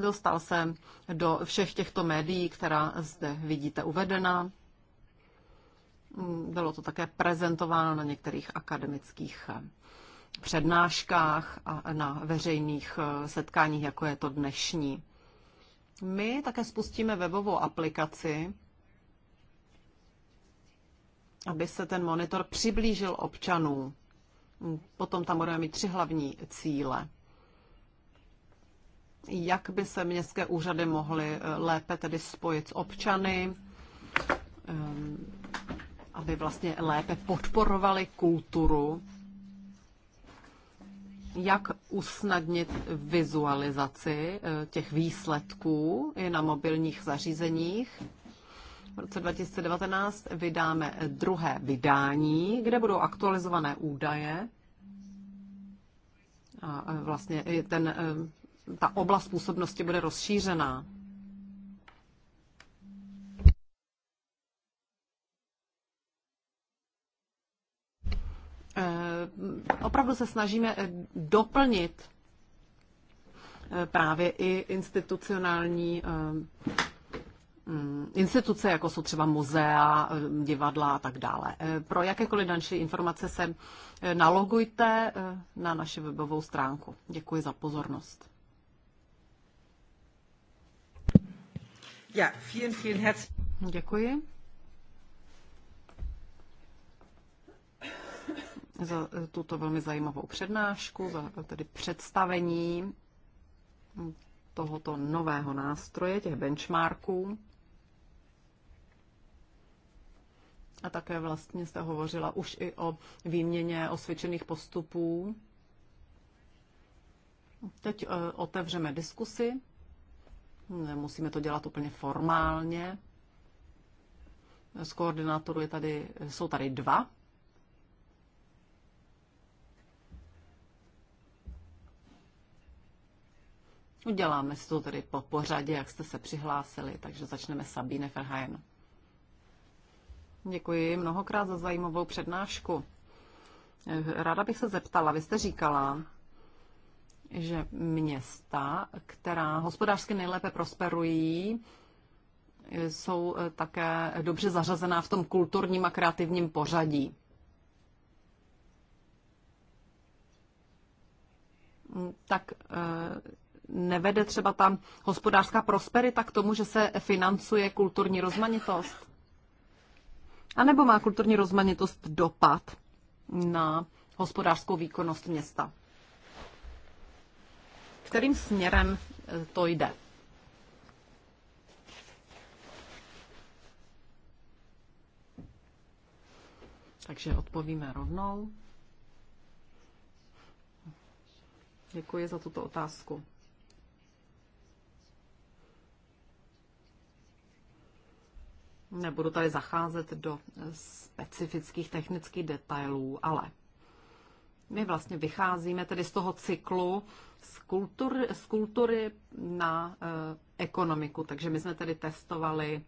Dostal jsem do všech těchto médií, která zde vidíte uvedena. Bylo to také prezentováno na některých akademických přednáškách a na veřejných eh, setkáních, jako je to dnešní. My také spustíme webovou aplikaci, aby se ten monitor přiblížil občanům. Potom tam budeme mít tři hlavní cíle. Jak by se městské úřady mohly eh, lépe tedy spojit s občany, ehm, aby vlastně lépe podporovali kulturu jak usnadnit vizualizaci eh, těch výsledků i na mobilních zařízeních. V roce 2019 vydáme druhé vydání, kde budou aktualizované údaje. A eh, vlastně ten, eh, ta oblast působnosti bude rozšířená. Eh, opravdu se snažíme eh, doplnit eh, právě i institucionální mm, instituce, jako jsou třeba muzea, divadla a tak dále. Pro jakékoliv další informace se nalogujte na naši webovou stránku. Děkuji za pozornost. Ja, vielen, vielen Dank. Děkuji. za tuto velmi zajímavou přednášku, za tedy představení tohoto nového nástroje, těch benchmarků. A také vlastně jste hovořila už i o výměně osvědčených postupů. Teď e, otevřeme diskusy. Musíme to dělat úplně formálně. Z koordinátorů je tady, jsou tady dva Uděláme si to tedy po pořadě, jak jste se přihlásili, takže začneme Sabine Ferhajen. Děkuji mnohokrát za zajímavou přednášku. Ráda bych se zeptala, vy jste říkala, že města, která hospodářsky nejlépe prosperují, jsou také dobře zařazená v tom kulturním a kreativním pořadí. Tak eh, nevede třeba tam hospodářská prosperita k tomu, že se financuje kulturní rozmanitost? A nebo má kulturní rozmanitost dopad na hospodářskou výkonnost města? Kterým směrem e, to jde? Takže odpovíme rovnou. Děkuji za tuto otázku. Nebudu tady zacházet do specifických technických detailů, ale my vlastně vycházíme tedy z toho cyklu z kultury, z kultury na e, ekonomiku. Takže my jsme tedy testovali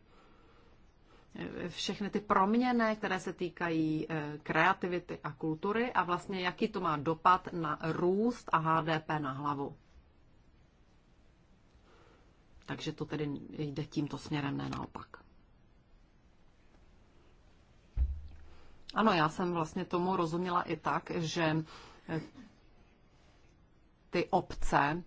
eh, všechny ty proměny, které se týkají eh, kreativity a kultury a vlastně jaký to má dopad na růst a HDP na hlavu. Takže to tedy jde tímto směrem, ne naopak. Ano, já jsem vlastně tomu rozuměla i tak, že eh, ty obce,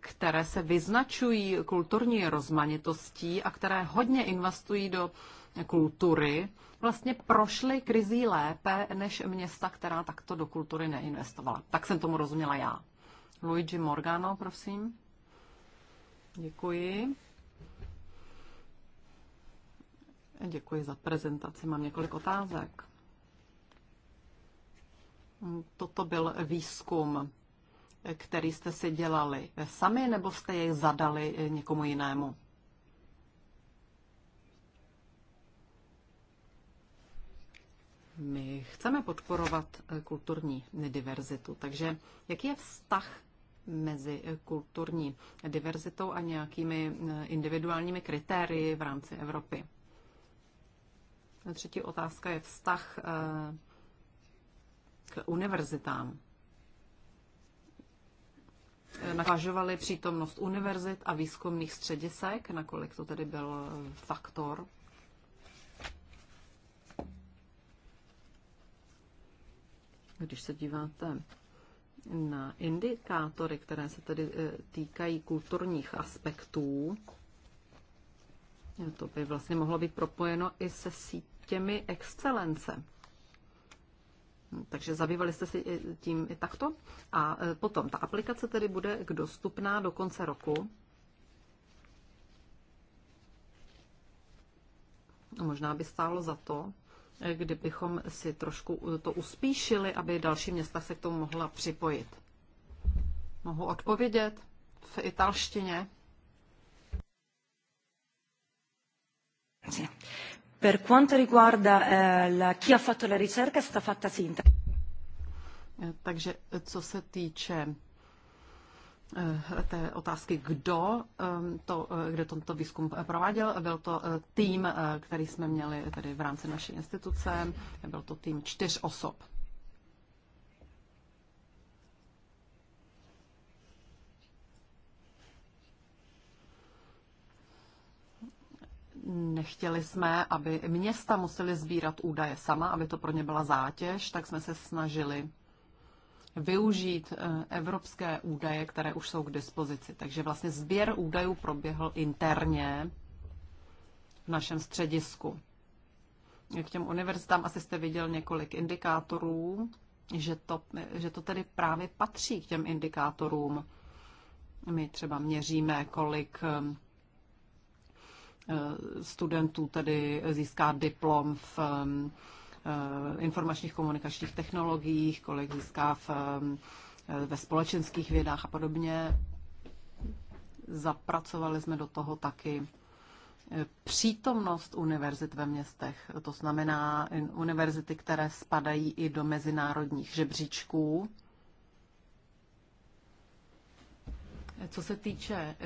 které se vyznačují kulturní rozmanitostí a které hodně investují do kultury, vlastně prošly krizí lépe než města, která takto do kultury neinvestovala. Tak jsem tomu rozuměla já. Luigi Morgano, prosím. Děkuji. Děkuji za prezentaci. Mám několik otázek. Toto byl výzkum, který jste si dělali sami, nebo jste jej zadali někomu jinému? My chceme podporovat kulturní diverzitu, takže jaký je vztah mezi kulturní diverzitou a nějakými individuálními kritérii v rámci Evropy? Třetí otázka je vztah eh, k univerzitám. Eh, Nakažovali přítomnost univerzit a výzkumných středisek, nakolik to tedy byl eh, faktor. Když se díváte na indikátory, které se tedy týkají kulturních aspektů, to by vlastně mohlo být propojeno i se sítí Těmi excelence. Takže zabývali jste si tím i takto. A e, potom ta aplikace tedy bude k dostupná do konce roku. Možná by stálo za to, e, kdybychom si trošku to uspíšili, aby další města se k tomu mohla připojit. Mohu odpovědět v italštině? Per quanto riguarda eh, la, chi ha fatto la ricerca, è stata fatta sintesi. Eh, takže eh, co se týče eh, té otázky, kdo ehm, to, kde tento výzkum prováděl. Byl to tým, který jsme měli tady v rámci naší instituce. Byl to tým čtyř osob. Nechtěli jsme, aby města museli sbírat údaje sama, aby to pro ně byla zátěž, tak jsme se snažili využít eh, evropské údaje, které už jsou k dispozici. Takže vlastně sběr údajů proběhl interně v našem středisku. K těm univerzitám asi jste viděl několik indikátorů, že to, že to tedy právě patří k těm indikátorům. My třeba měříme, kolik eh, Eh, studentů tedy získá diplom v eh, informačních komunikačních technologiích, kolik získá v, eh, ve společenských vědách a podobně. Zapracovali jsme do toho taky přítomnost univerzit ve městech. To znamená univerzity, které spadají i do mezinárodních žebříčků. Co se týče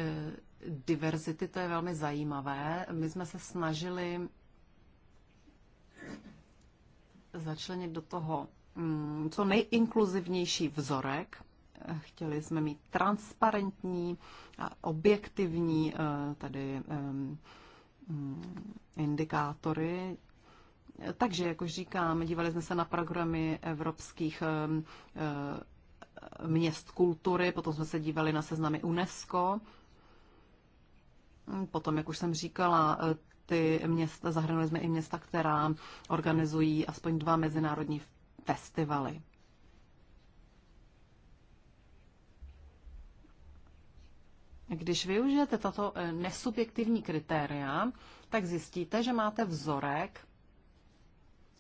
diverzity, to je velmi zajímavé. My jsme se snažili začlenit do toho mm, co nejinkluzivnější vzorek. Chtěli jsme mít transparentní a objektivní eh, tady mm, indikátory. Takže, jak už říkám, dívali jsme se na programy evropských eh, měst kultury, potom jsme se dívali na seznamy UNESCO Potom, jak už jsem říkala, e, ty města, zahrnuli jsme i města, která organizují aspoň dva mezinárodní festivaly. Když využijete tato e, nesubjektivní kritéria, tak zjistíte, že máte vzorek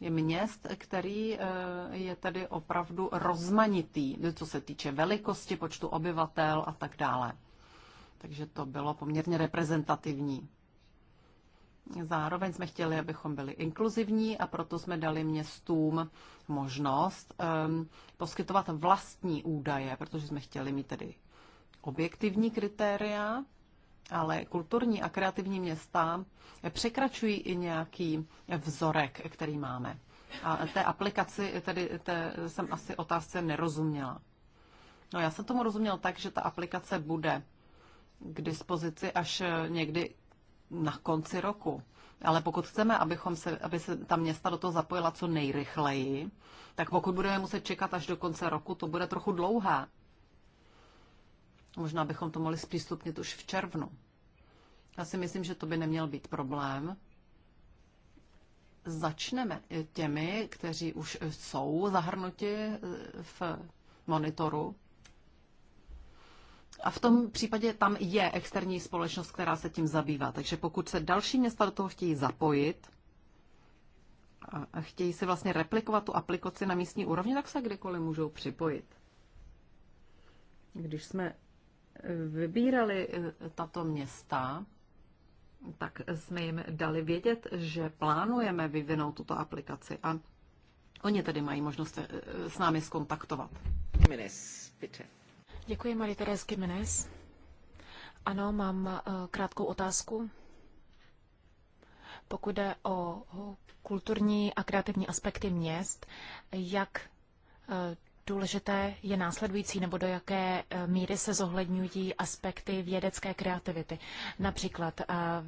je měst, který e, je tedy opravdu rozmanitý, co se týče velikosti, počtu obyvatel a tak dále takže to bylo poměrně reprezentativní. Zároveň jsme chtěli, abychom byli inkluzivní a proto jsme dali městům možnost um, poskytovat vlastní údaje, protože jsme chtěli mít tedy objektivní kritéria, ale kulturní a kreativní města překračují i nějaký vzorek, který máme. A té aplikaci, tedy té, jsem asi otázce nerozuměla. No já jsem tomu rozuměl tak, že ta aplikace bude k dispozici až eh, někdy na konci roku. Ale pokud chceme, abychom se, aby se ta města do toho zapojila co nejrychleji, tak pokud budeme muset čekat až do konce roku, to bude trochu dlouhé. Možná bychom to mohli zpřístupnit už v červnu. Já si myslím, že to by neměl být problém. Začneme těmi, kteří už jsou zahrnuti eh, v monitoru a v tom případě tam je externí společnost, která se tím zabývá. Takže pokud se další města do toho chtějí zapojit a chtějí si vlastně replikovat tu aplikaci na místní úrovni, tak se kdykoliv můžou připojit. Když jsme vybírali eh, tato města, tak jsme jim dali vědět, že plánujeme vyvinout tuto aplikaci a oni tedy mají možnost eh, s námi skontaktovat. Minus, bitte. Děkuji, Marie Teres Jiménez. Ano, mám eh, krátkou otázku. Pokud jde o kulturní a kreativní aspekty měst, jak eh, důležité je následující, nebo do jaké eh, míry se zohledňují aspekty vědecké kreativity. Například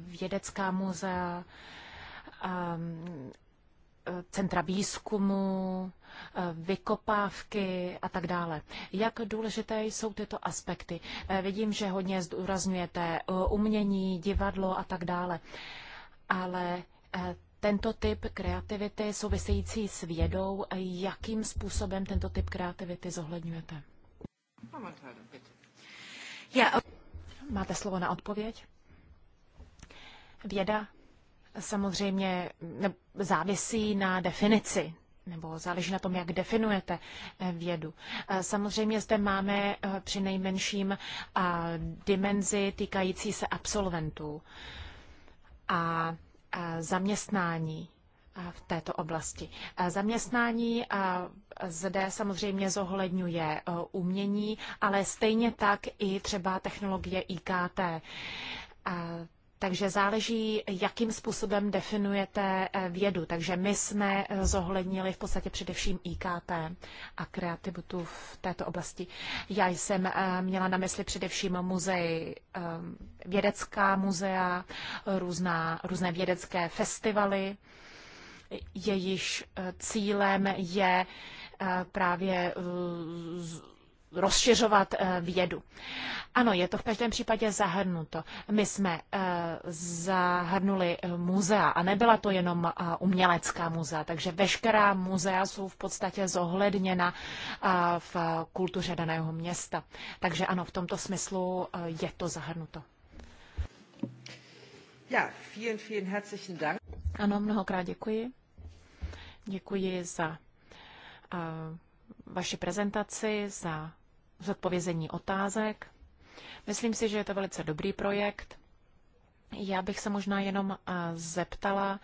vědecká muzea, ehm, centra výzkumu, eh, vykopávky a tak dále. Jak důležité jsou tyto aspekty? Eh, vidím, že hodně zdůrazňujete eh, umění, divadlo a tak dále, ale tento typ kreativity související s vědou, jakým způsobem tento typ kreativity zohledňujete? Máte slovo na odpověď? Věda samozřejmě závisí na definici nebo záleží na tom, jak definujete eh, vědu. Eh, samozřejmě zde máme eh, při nejmenším dimenzi týkající se absolventů a zaměstnání v této oblasti. Zaměstnání zde samozřejmě zohledňuje umění, ale stejně tak i třeba technologie IKT takže záleží, jakým způsobem definujete eh, vědu. Takže my jsme zohlednili v podstatě především IKT a kreativitu v této oblasti. Já jsem eh, měla na mysli především muzei, eh, vědecká muzea, různá, různé vědecké festivaly. Jejíž cílem je právě rozšiřovat eh, vědu. Ano, je to v každém případě zahrnuto. My jsme eh, zahrnuli eh, muzea a nebyla to jenom umělecká muzea, takže veškerá muzea jsou v podstatě zohledněna v kultuře daného města. Takže ano, v tomto smyslu je to zahrnuto. Ja, vielen, vielen herzlichen Dank. Ano, mnohokrát děkuji. Děkuji za vaši prezentaci, za zodpovězení otázek. Myslím si, že je to velice dobrý projekt. Já bych se možná jenom eh, zeptala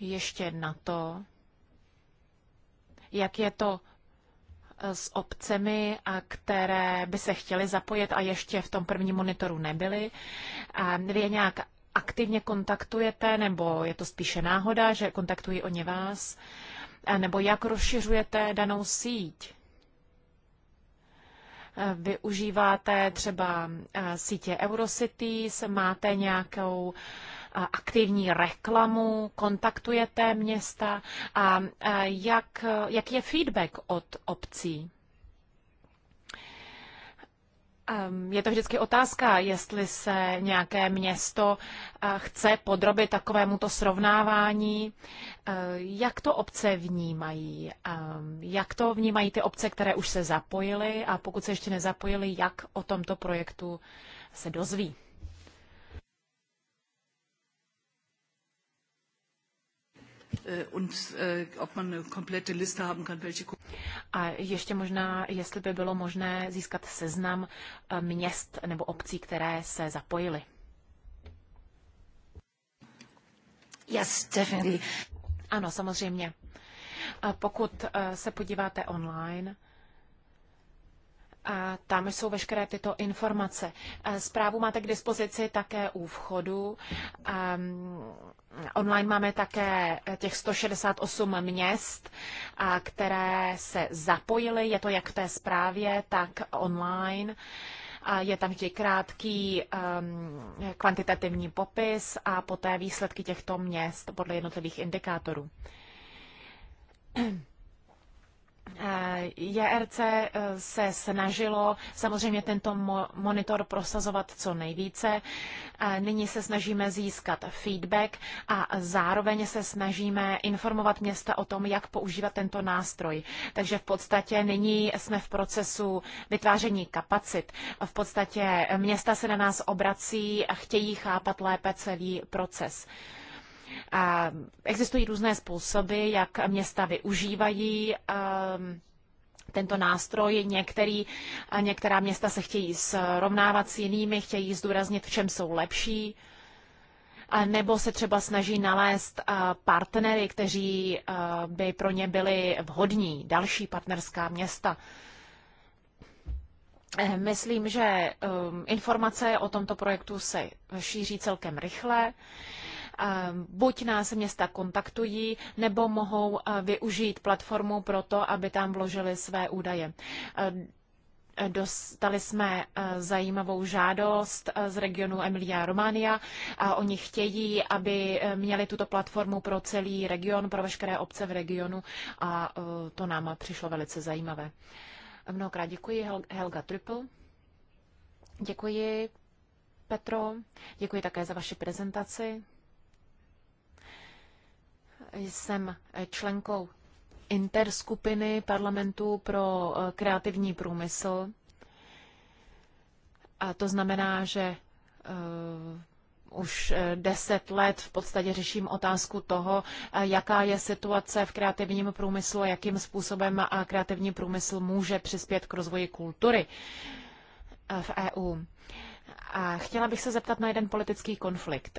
ještě na to, jak je to eh, s obcemi, a které by se chtěly zapojit a ještě v tom prvním monitoru nebyly. Vy je nějak aktivně kontaktujete, nebo je to spíše náhoda, že kontaktují oni vás, nebo jak rozšiřujete danou síť? využíváte třeba eh, sítě Eurocities, máte nějakou eh, aktivní reklamu, kontaktujete města a eh, jak, jak je feedback od obcí? Je to vždycky otázka, jestli se nějaké město eh, chce podrobit takovémuto srovnávání. Eh, jak to obce vnímají? Jak to vnímají ty obce, které už se zapojily a pokud se ještě nezapojily, jak o tomto projektu se dozví? Eh, und eh, ob man eine komplette Liste haben kann, welche A ještě možná, jestli by bylo možné získat seznam eh, měst nebo obcí, které se zapojily. Yes, definitely. Ano, samozřejmě. Pokud se podíváte online, a tam jsou veškeré tyto informace. Zprávu máte k dispozici také u vchodu. Ehm, online máme také těch 168 měst, které se zapojily. Je to jak v té zprávě, tak online. A je tam vždy krátký um, kvantitativní popis a poté výsledky těchto měst podle jednotlivých indikátorů. Eh, JRC eh, se snažilo samozřejmě tento monitor prosazovat co nejvíce. Eh, nyní se snažíme získat feedback a zároveň se snažíme informovat města o tom, jak používat tento nástroj. Takže v podstatě nyní jsme v procesu vytváření kapacit. V podstatě města se na nás obrací a chtějí chápat lépe celý proces. Existují různé způsoby, jak města využívají ehm, tento nástroj. Některý, některá města se chtějí srovnávat s jinými, chtějí zdůraznit, v čem jsou lepší, nebo se třeba snaží nalézt partnery, kteří by pro ně byli vhodní, další partnerská města. Ehm, myslím, že ehm, informace o tomto projektu se šíří celkem rychle. Buď nás města kontaktují, nebo mohou využít platformu pro to, aby tam vložili své údaje. Dostali jsme zajímavou žádost z regionu Emilia a Oni chtějí, aby e, měli tuto platformu pro celý region, pro veškeré obce v regionu a e, to nám přišlo velice zajímavé. Mnohokrát děkuji Helga Triple. Děkuji Petro, děkuji také za vaši prezentaci jsem členkou interskupiny parlamentu pro eh, kreativní průmysl. A to znamená, že uh, už eh, deset let v podstatě řeším otázku toho, jaká je situace v kreativním průmyslu, jakým způsobem a kreativní průmysl může přispět k rozvoji kultury v EU. A chtěla bych se zeptat na jeden politický konflikt.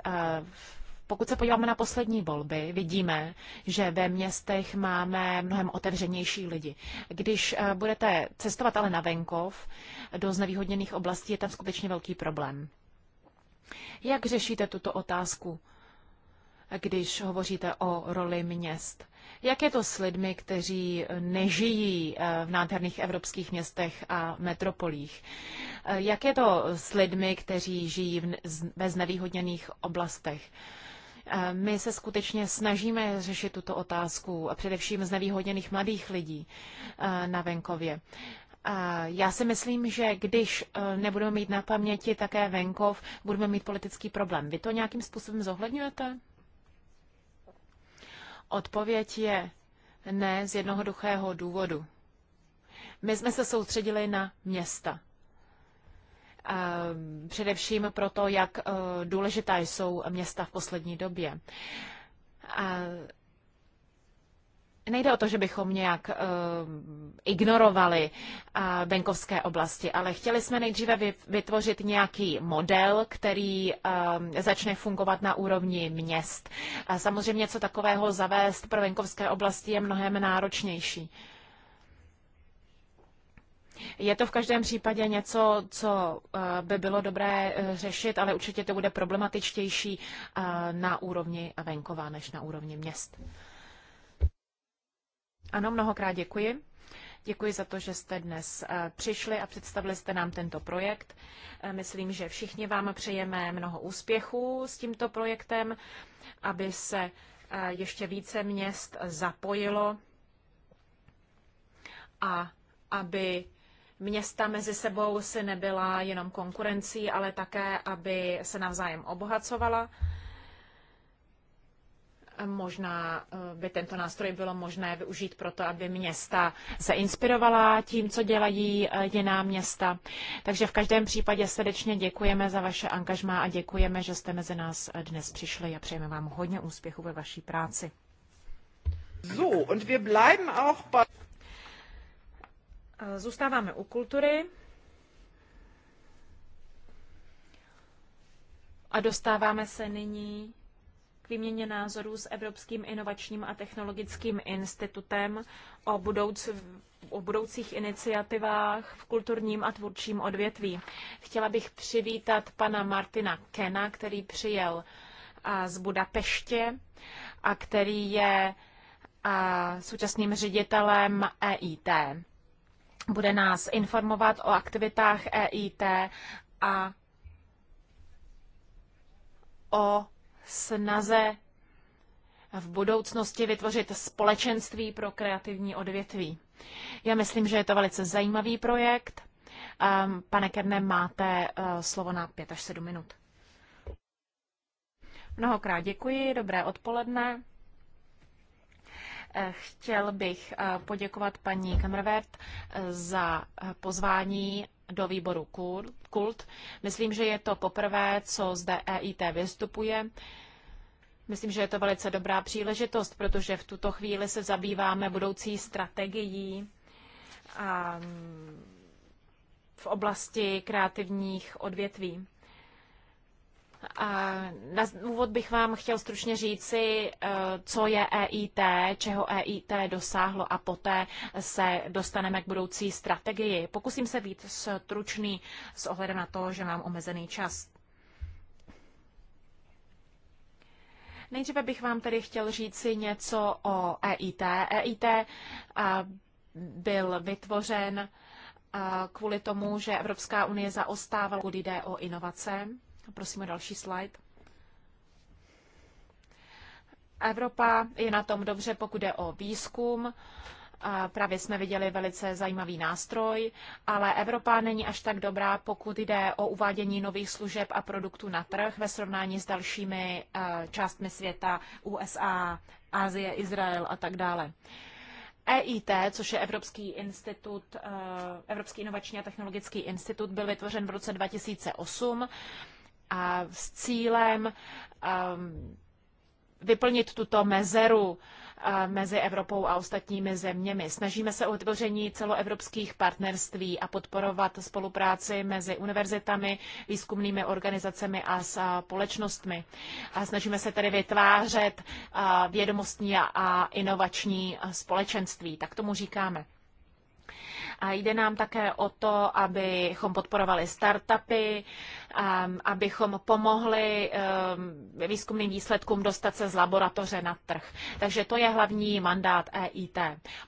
V pokud se podíváme na poslední volby, vidíme, že ve městech máme mnohem otevřenější lidi. Když eh, budete cestovat ale na venkov, do znevýhodněných oblastí, je tam skutečně velký problém. Jak řešíte tuto otázku, když hovoříte o roli měst? Jak je to s lidmi, kteří nežijí eh, v nádherných evropských městech a metropolích? Eh, jak je to s lidmi, kteří žijí ve znevýhodněných oblastech? My se skutečně snažíme řešit tuto otázku a především znevýhodněných mladých lidí na venkově. Já si myslím, že když e, nebudeme mít na paměti také venkov, budeme mít politický problém. Vy to nějakým způsobem zohledňujete? Odpověď je ne z jednoduchého důvodu. My jsme se soustředili na města. Ehm, především proto, jak eh, důležitá jsou města v poslední době. Nejde o to, že bychom nějak ehm, ignorovali eh, venkovské oblasti, ale chtěli jsme nejdříve vytvořit nějaký model, který ehm, začne fungovat na úrovni měst. A samozřejmě něco takového zavést pro venkovské oblasti je mnohem náročnější. Je to v každém případě něco, co eh, by bylo dobré eh, řešit, ale určitě to bude problematičtější eh, na úrovni venkova než na úrovni měst. Ano, mnohokrát děkuji. Děkuji za to, že jste dnes přišli a představili jste nám tento projekt. Myslím, že všichni vám přejeme mnoho úspěchů s tímto projektem, aby se ještě více měst zapojilo a aby města mezi sebou si nebyla jenom konkurencí, ale také, aby se navzájem obohacovala. Možná eh, by tento nástroj bylo možné využít proto, aby města se inspirovala tím, co dělají eh, jiná města. Takže v každém případě srdečně děkujeme za vaše angažmá a děkujeme, že jste mezi nás eh, dnes přišli a přejeme vám hodně úspěchu ve vaší práci. So, und wir bleiben auch bei Zůstáváme u kultury a dostáváme se nyní k výměně názorů s Evropským inovačním a technologickým institutem o, budouc, o budoucích iniciativách v kulturním a tvůrčím odvětví. Chtěla bych přivítat pana Martina Kena, který přijel z Budapeště a který je současným ředitelem EIT bude nás informovat o aktivitách EIT a o snaze v budoucnosti vytvořit společenství pro kreativní odvětví. Já myslím, že je to velice zajímavý projekt. Ehm, pane Kerne, máte eh, slovo na 5 až 7 minut. Mnohokrát děkuji, dobré odpoledne. Chtěl bych eh, poděkovat paní Kamrvert eh, za eh, pozvání do výboru Kult. Myslím, že je to poprvé, co zde EIT vystupuje. Myslím, že je to velice dobrá příležitost, protože v tuto chvíli se zabýváme budoucí strategií mm, v oblasti kreativních odvětví na úvod bych vám chtěl stručně říci, eh, co je EIT, čeho EIT dosáhlo a poté se dostaneme k budoucí strategii. Pokusím se být stručný s ohledem na to, že mám omezený čas. Nejdříve bych vám tedy chtěl říci něco o EIT. EIT eh, byl vytvořen eh, kvůli tomu, že Evropská unie zaostávala, kudy jde o inovace. Prosím o další slide. Evropa je na tom dobře, pokud jde o výzkum. Právě jsme viděli velice zajímavý nástroj, ale Evropa není až tak dobrá, pokud jde o uvádění nových služeb a produktů na trh ve srovnání s dalšími eh, částmi světa, USA, Asie, Izrael a tak dále. EIT, což je Evropský institut, eh, Evropský inovační a technologický institut, byl vytvořen v roce 2008 a s cílem um, vyplnit tuto mezeru uh, mezi Evropou a ostatními zeměmi. Snažíme se o vytvoření celoevropských partnerství a podporovat spolupráci mezi univerzitami, výzkumnými organizacemi a uh, společnostmi. A snažíme se tedy vytvářet uh, vědomostní a inovační společenství, tak tomu říkáme. A jde nám také o to, abychom podporovali startupy, um, abychom pomohli um, výzkumným výsledkům dostat se z laboratoře na trh. Takže to je hlavní mandát EIT.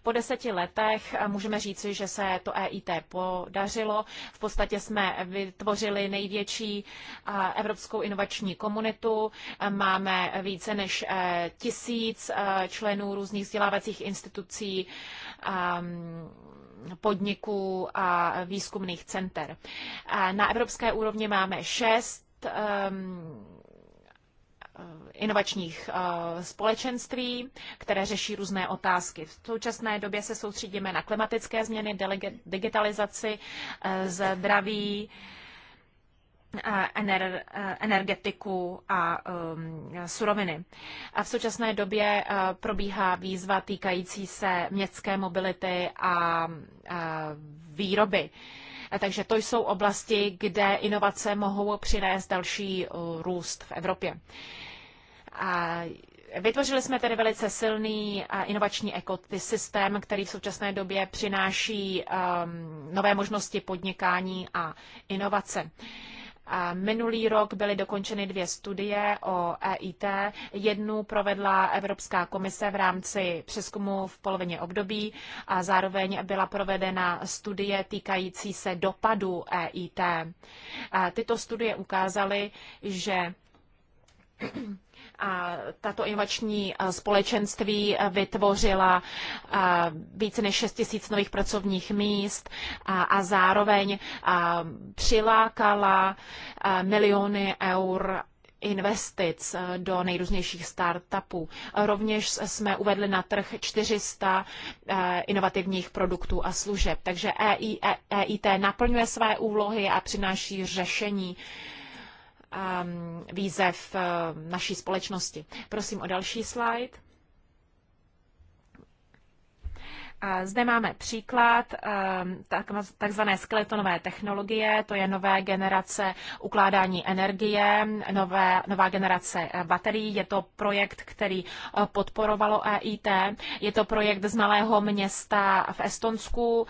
Po deseti letech eh, můžeme říci, že se to EIT podařilo. V podstatě jsme vytvořili největší eh, evropskou inovační komunitu. Eh, máme více než tisíc členů různých vzdělávacích institucí, ehm, podniků a výzkumných center. Na evropské úrovni máme šest ehm, eh, inovačních eh, společenství, které řeší různé otázky. V současné době se soustředíme na klimatické změny, digitalizaci, eh, zdraví, ener, e, energetiku a um, suroviny. A v současné době e, probíhá výzva týkající se městské mobility a e, výroby. Takže to jsou oblasti, kde inovace mohou přinést další růst v Evropě. A Vytvořili jsme tedy velice silný inovační ekosystém, který v současné době přináší nové možnosti podnikání a inovace. Minulý rok byly dokončeny dvě studie o EIT. Jednu provedla Evropská komise v rámci přeskumu v polovině období a zároveň byla provedena studie týkající se dopadu EIT. Tyto studie ukázaly, že tato inovační společenství vytvořila více než 6 tisíc nových pracovních míst a zároveň přilákala miliony eur investic do nejrůznějších startupů. Rovněž jsme uvedli na trh 400 inovativních produktů a služeb. Takže EIT e, e naplňuje své úlohy a přináší řešení Um, výzev uh, naší společnosti. Prosím o další slide. Zde máme příklad ehm, takzvané skeletonové technologie, to je nové generace ukládání energie, nové, nová generace eh, baterií. Je to projekt, který eh, podporovalo EIT. Je to projekt z malého města v Estonsku,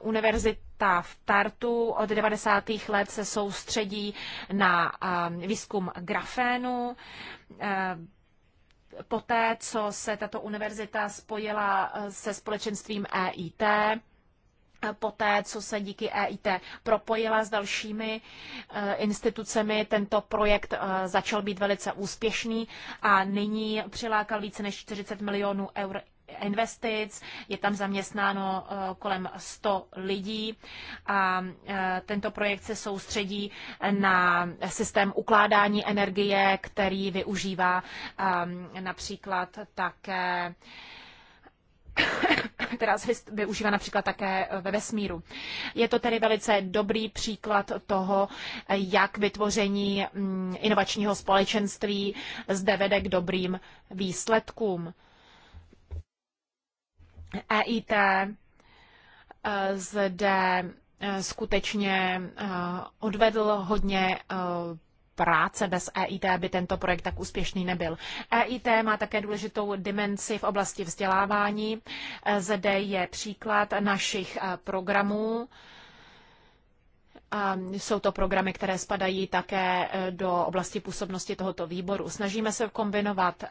univerzita v Tartu od 90. let se soustředí na ehm, výzkum grafénu ehm, poté, co se tato univerzita spojila eh, se společenstvím EIT, poté, co se díky EIT propojila s dalšími eh, institucemi, tento projekt eh, začal být velice úspěšný a nyní přilákal více než 40 milionů eur investic, je tam zaměstnáno eh, kolem 100 lidí a eh, tento projekt se soustředí na systém ukládání energie, který využívá eh, například také která se využívá například také ve vesmíru. Je to tedy velice dobrý příklad toho, jak vytvoření mm, inovačního společenství zde vede k dobrým výsledkům. EIT eh, zde eh, skutečně eh, odvedl hodně práce. Bez EIT by tento projekt tak úspěšný nebyl. EIT má také důležitou dimenzi v oblasti vzdělávání. Zde je příklad našich programů. A jsou to programy, které spadají také do oblasti působnosti tohoto výboru. Snažíme se kombinovat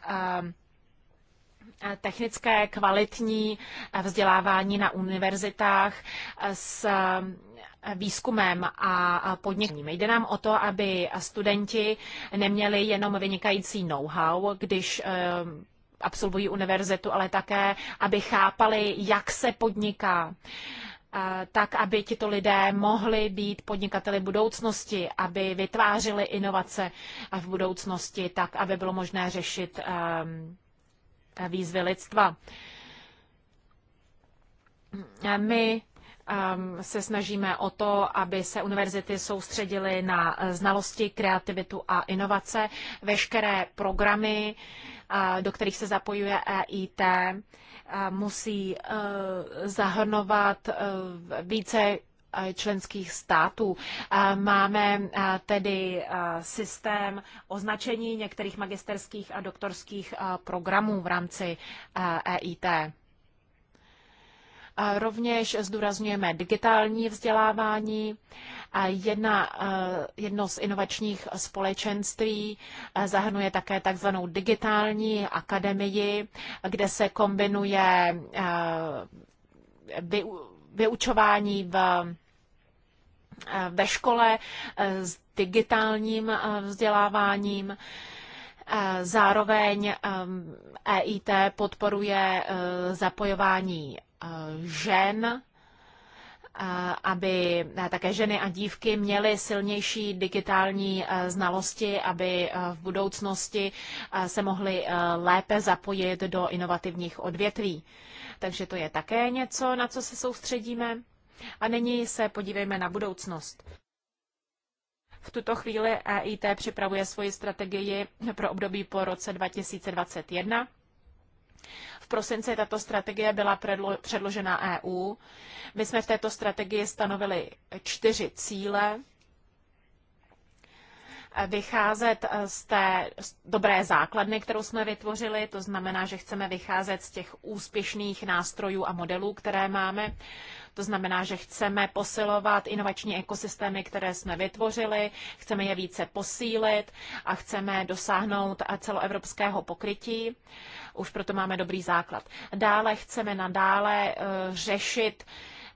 technické kvalitní eh, vzdělávání na univerzitách eh, s eh, výzkumem a podnikáním. Jde nám o to, aby studenti neměli jenom vynikající know-how, když absolvují univerzitu, ale také, aby chápali, jak se podniká tak, aby tito lidé mohli být podnikateli budoucnosti, aby vytvářeli inovace v budoucnosti, tak, aby bylo možné řešit výzvy lidstva. My um, se snažíme o to, aby se univerzity soustředily na eh, znalosti, kreativitu a inovace. Veškeré programy, eh, do kterých se zapojuje EIT, eh, musí zahrnovat více členských států. Máme tedy systém označení některých magisterských a doktorských programů v rámci EIT. Rovněž zdůrazňujeme digitální vzdělávání. Jedna, jedno z inovačních společenství zahrnuje také takzvanou digitální akademii, kde se kombinuje vyučování v Eh, ve škole eh, s digitálním eh, vzděláváním. Zároveň EIT e podporuje zapojování žen, aby také ženy a dívky měly silnější digitální znalosti, aby v budoucnosti se mohly lépe zapojit do inovativních odvětví. Takže to je také něco, na co se soustředíme. A nyní se podívejme na budoucnost. V tuto chvíli EIT připravuje svoji strategii pro období po roce 2021. V prosinci tato strategie byla předložena EU. My jsme v této strategii stanovili čtyři cíle. Vycházet z té dobré základny, kterou jsme vytvořili, to znamená, že chceme vycházet z těch úspěšných nástrojů a modelů, které máme. To znamená, že chceme posilovat inovační ekosystémy, které jsme vytvořili, chceme je více posílit a chceme dosáhnout celoevropského pokrytí. Už proto máme dobrý základ. Dále chceme nadále e, řešit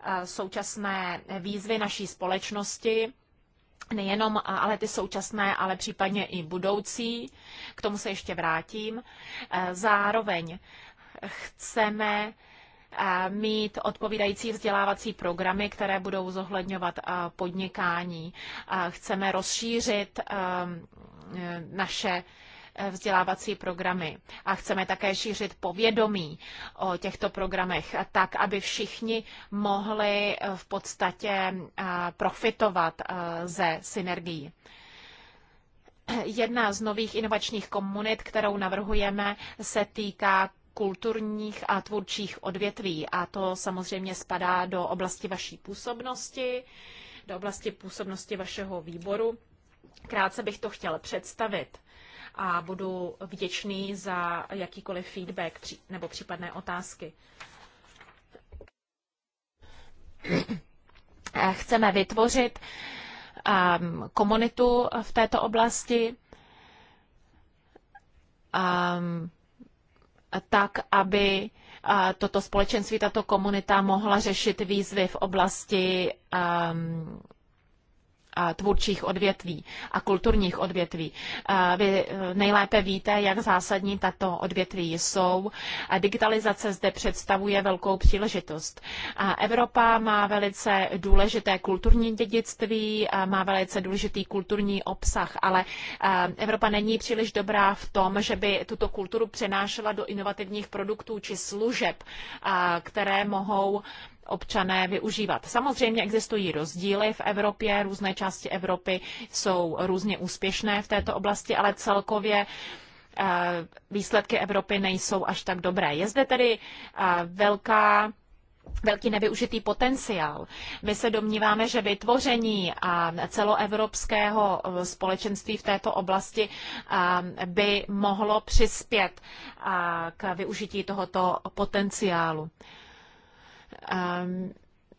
e, současné výzvy naší společnosti, nejenom ale ty současné, ale případně i budoucí. K tomu se ještě vrátím. E, zároveň chceme mít odpovídající vzdělávací programy, které budou zohledňovat podnikání. Chceme rozšířit naše e, vzdělávací programy a chceme také šířit povědomí o těchto programech tak, aby všichni mohli e, v podstatě profitovat e, ze synergií. Jedna z nových inovačních komunit, kterou navrhujeme, se týká kulturních a tvůrčích odvětví. A to samozřejmě spadá do oblasti vaší působnosti, do oblasti působnosti vašeho výboru. Krátce bych to chtěl představit a budu vděčný za jakýkoliv feedback nebo případné otázky. Chceme vytvořit um, komunitu v této oblasti. Um, tak, aby toto společenství, tato komunita mohla řešit výzvy v oblasti tvůrčích odvětví a kulturních odvětví. Vy e, nejlépe víte, jak zásadní tato odvětví jsou. Digitalizace zde představuje velkou příležitost. Evropa má velice důležité kulturní dědictví, má velice důležitý kulturní obsah, ale e, Evropa není příliš dobrá v tom, že by tuto kulturu přenášela do inovativních produktů či služeb, které mohou občané využívat. Samozřejmě existují rozdíly v Evropě, různé části Evropy jsou různě úspěšné v této oblasti, ale celkově eh, výsledky Evropy nejsou až tak dobré. Je zde tedy eh, velká velký nevyužitý potenciál. My se domníváme, že vytvoření eh, celoevropského společenství v této oblasti by mohlo přispět k využití tohoto potenciálu. Ehm,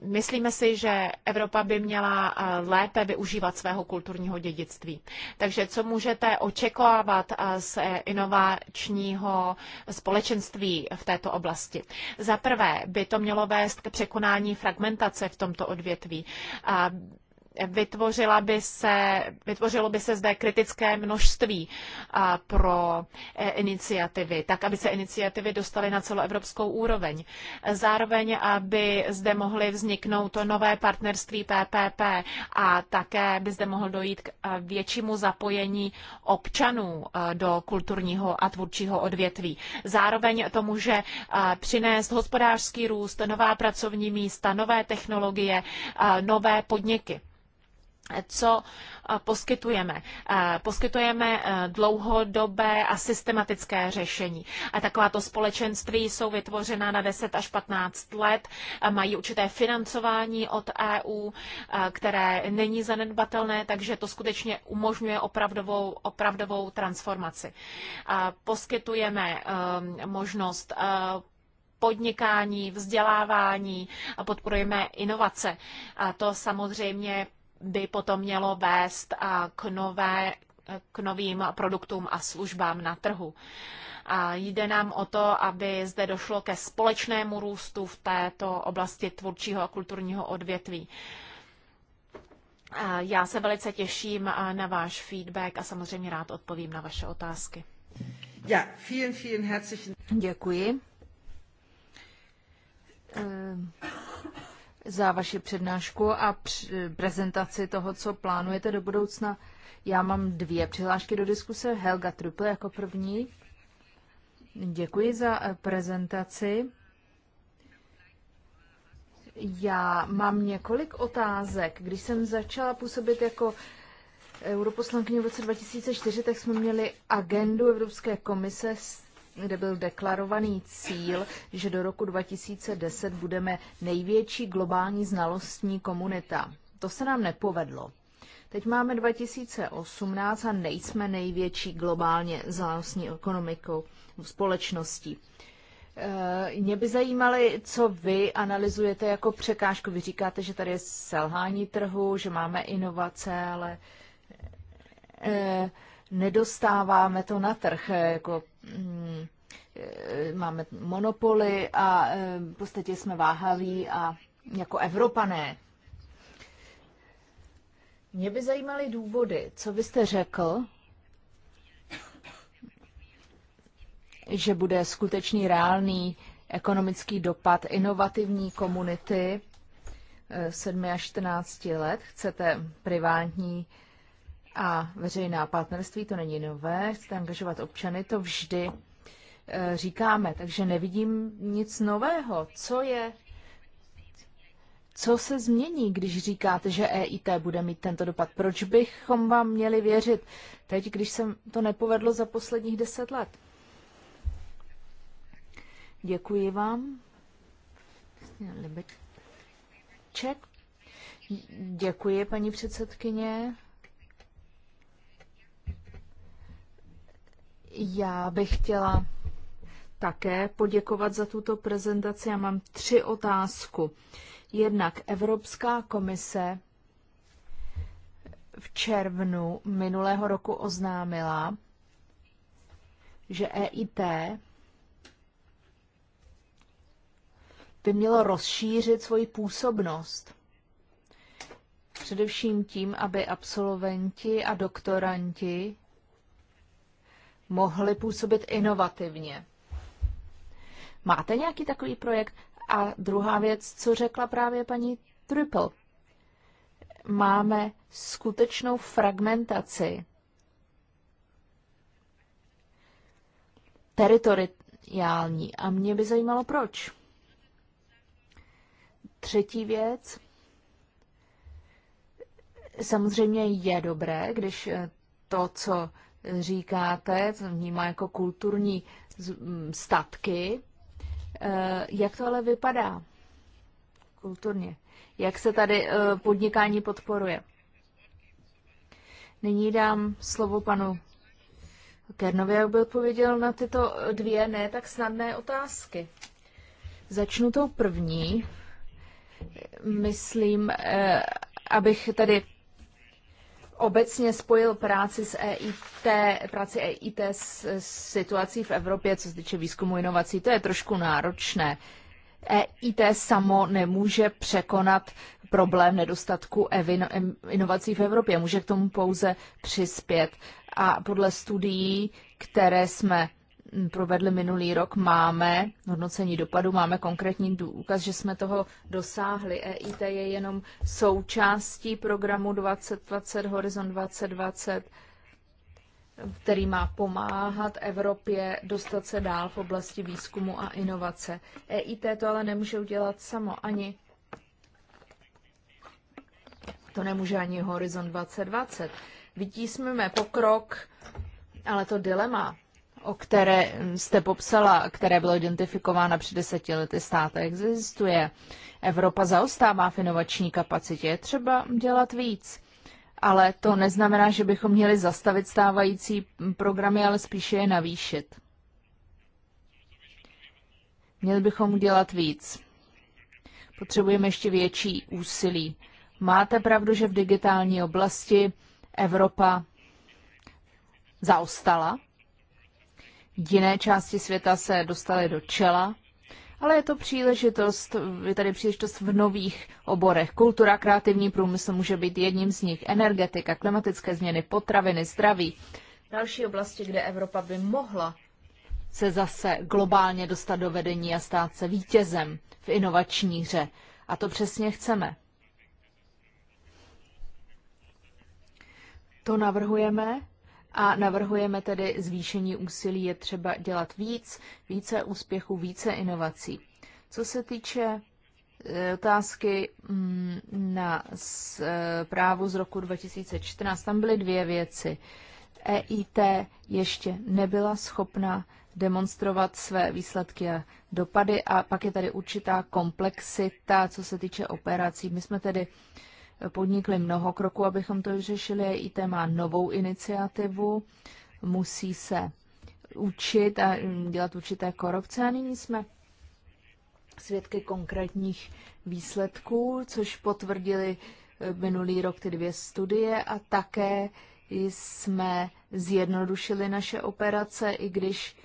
myslíme si, že Evropa by měla eh, lépe využívat svého kulturního dědictví. Takže co můžete očekávat eh, z inovačního společenství v této oblasti? Za prvé by to mělo vést k překonání fragmentace v tomto odvětví ehm, vytvořila by se, vytvořilo by se zde kritické množství pro e, iniciativy, tak aby se iniciativy dostaly na celoevropskou úroveň. Zároveň, aby zde mohly vzniknout to nové partnerství PPP a také by zde mohlo dojít k e, většímu zapojení občanů e, do kulturního a tvůrčího odvětví. Zároveň to může přinést hospodářský růst, nová pracovní místa, nové technologie, nové podniky co eh, poskytujeme. Eh, poskytujeme eh, dlouhodobé a systematické řešení. A takováto společenství jsou vytvořena na 10 až 15 let, mají určité financování od EU, které není zanedbatelné, takže to skutečně umožňuje opravdovou, opravdovou transformaci. Poskytujeme možnost podnikání, vzdělávání a podporujeme inovace. A to samozřejmě by potom mělo vést k, nové, k novým produktům a službám na trhu. A jde nám o to, aby zde došlo ke společnému růstu v této oblasti tvůrčího a kulturního odvětví. já se velice těším na váš feedback a samozřejmě rád odpovím na vaše otázky. Ja, vielen, vielen herzlichen Děkuji za vaši přednášku a prezentaci toho, co plánujete do budoucna. Já mám dvě přihlášky do diskuse. Helga Truple jako první. Děkuji za eh, prezentaci. Já mám několik otázek. Když jsem začala působit jako europoslankyně v roce 2004, tak jsme měli agendu Evropské komise s kde byl deklarovaný cíl, že do roku 2010 budeme největší globální znalostní komunita. To se nám nepovedlo. Teď máme 2018 a nejsme největší globálně znalostní ekonomikou společností. Eh, mě by zajímaly, co vy analyzujete jako překážku. Vy říkáte, že tady je selhání trhu, že máme inovace, ale eh, nedostáváme to na trh, eh, jako mm, eh, máme monopoly a eh, v podstatě jsme váhaví a jako Evropané. Mě by zajímaly důvody, co byste řekl, že bude skutečný reálný ekonomický dopad inovativní komunity 7 až 14 let. Chcete privátní a veřejná partnerství, to není nové, chcete angažovat občany, to vždy e, říkáme, takže nevidím nic nového. Co je, co se změní, když říkáte, že EIT bude mít tento dopad? Proč bychom vám měli věřit teď, když se to nepovedlo za posledních deset let? Děkuji vám. Ček. Děkuji, paní předsedkyně. Já bych chtěla také poděkovat za tuto prezentaci. Já mám tři otázku. Jednak Evropská komise v červnu minulého roku oznámila, že EIT by mělo rozšířit svoji působnost. Především tím, aby absolventi a doktoranti Mohly působit inovativně. Máte nějaký takový projekt? A druhá věc, co řekla právě paní Triple. Máme skutečnou fragmentaci teritoriální a mě by zajímalo proč. Třetí věc. Samozřejmě je dobré, když to, co říkáte, co vnímá jako kulturní mm, statky. Eh, jak to ale vypadá kulturně? Jak se tady eh, podnikání podporuje? Nyní dám slovo panu Kernovi, aby odpověděl na tyto dvě ne tak snadné otázky. Začnu tou první. Myslím, eh, abych tady obecně spojil práci s EIT, práci EIT s, s situací v Evropě, co se týče výzkumu inovací. To je trošku náročné. EIT samo nemůže překonat problém nedostatku e no, inovací v Evropě. Může k tomu pouze přispět. A podle studií, které jsme provedli minulý rok, máme hodnocení dopadu, máme konkrétní důkaz, že jsme toho dosáhli. EIT je jenom součástí programu 2020, Horizon 2020, který má pomáhat Evropě dostat se dál v oblasti výzkumu a inovace. EIT to ale nemůže udělat samo, ani to nemůže ani Horizon 2020. Vytísneme pokrok, ale to dilema o které jste popsala, které bylo identifikováno před deseti lety státe, existuje. Evropa zaostává v inovační kapacitě, třeba dělat víc. Ale to neznamená, že bychom měli zastavit stávající programy, ale spíše je navýšit. Měli bychom udělat víc. Potřebujeme ještě větší úsilí. Máte pravdu, že v digitální oblasti Evropa zaostala, jiné části světa se dostaly do čela, ale je to příležitost, je tady příležitost v nových oborech. Kultura, kreativní průmysl může být jedním z nich, energetika, klimatické změny, potraviny, zdraví. Další oblasti, kde Evropa by mohla se zase globálně dostat do vedení a stát se vítězem v inovační hře. A to přesně chceme. To navrhujeme a navrhujeme tedy zvýšení úsilí. Je třeba dělat víc, více úspěchů, více inovací. Co se týče e, otázky mm, na právu z roku 2014, tam byly dvě věci. EIT ještě nebyla schopna demonstrovat své výsledky a dopady a pak je tady určitá komplexita, co se týče operací. My jsme tedy uh, podnikli mnoho kroků, abychom to vyřešili. EIT má novou iniciativu, musí se učit a dělat určité korupce. A nyní jsme svědky konkrétních výsledků, což potvrdili eh, minulý rok ty dvě studie a také jsme zjednodušili naše operace, i když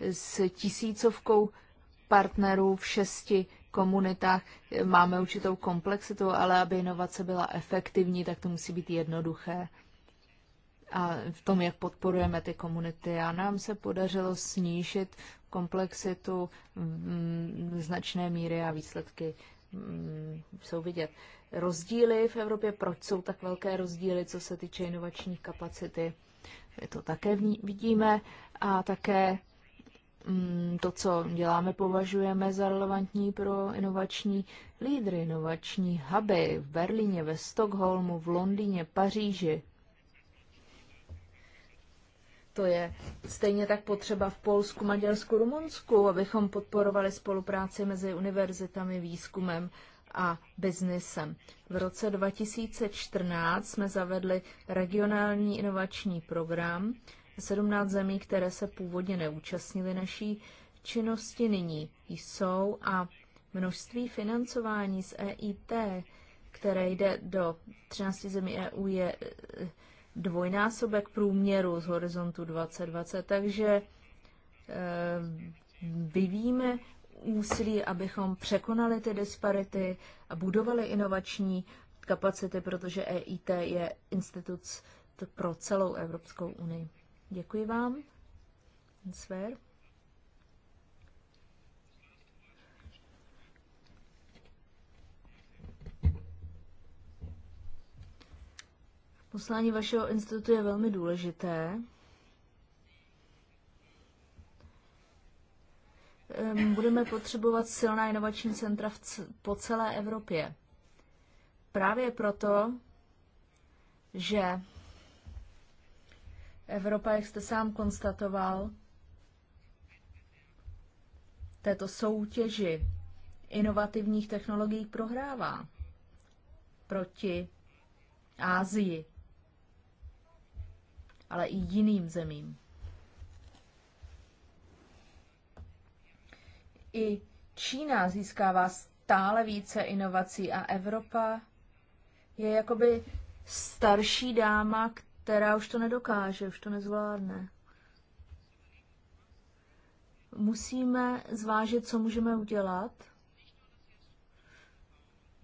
s tisícovkou partnerů v šesti komunitách máme určitou komplexitu, ale aby inovace byla efektivní, tak to musí být jednoduché. A v tom, jak podporujeme ty komunity. A nám se podařilo snížit komplexitu značné míry a výsledky mm, jsou vidět. Rozdíly v Evropě, proč jsou tak velké rozdíly, co se týče inovačních kapacity, to také vidíme. A také Mm, to, co děláme, považujeme za relevantní pro inovační lídry, inovační huby v Berlíně, ve Stockholmu, v Londýně, Paříži. To je stejně tak potřeba v Polsku, Maďarsku, Rumunsku, abychom podporovali spolupráci mezi univerzitami, výzkumem a biznesem. V roce 2014 jsme zavedli regionální inovační program, 17 zemí, které se původně neúčastnily naší činnosti, nyní jsou a množství financování z EIT, které jde do 13 zemí EU, je e, dvojnásobek průměru z horizontu 2020, takže e, vyvíjíme úsilí, abychom překonali ty disparity a budovali inovační kapacity, protože EIT je institut pro celou Evropskou unii. Děkuji vám. Sfér. Poslání vašeho institutu je velmi důležité. Budeme potřebovat silná inovační centra v po celé Evropě. Právě proto, že Evropa, jak jste sám konstatoval, této soutěži inovativních technologií prohrává proti Ázii, ale i jiným zemím. I Čína získává stále více inovací a Evropa je jakoby starší dáma, která už to nedokáže, už to nezvládne. Musíme zvážit, co můžeme udělat.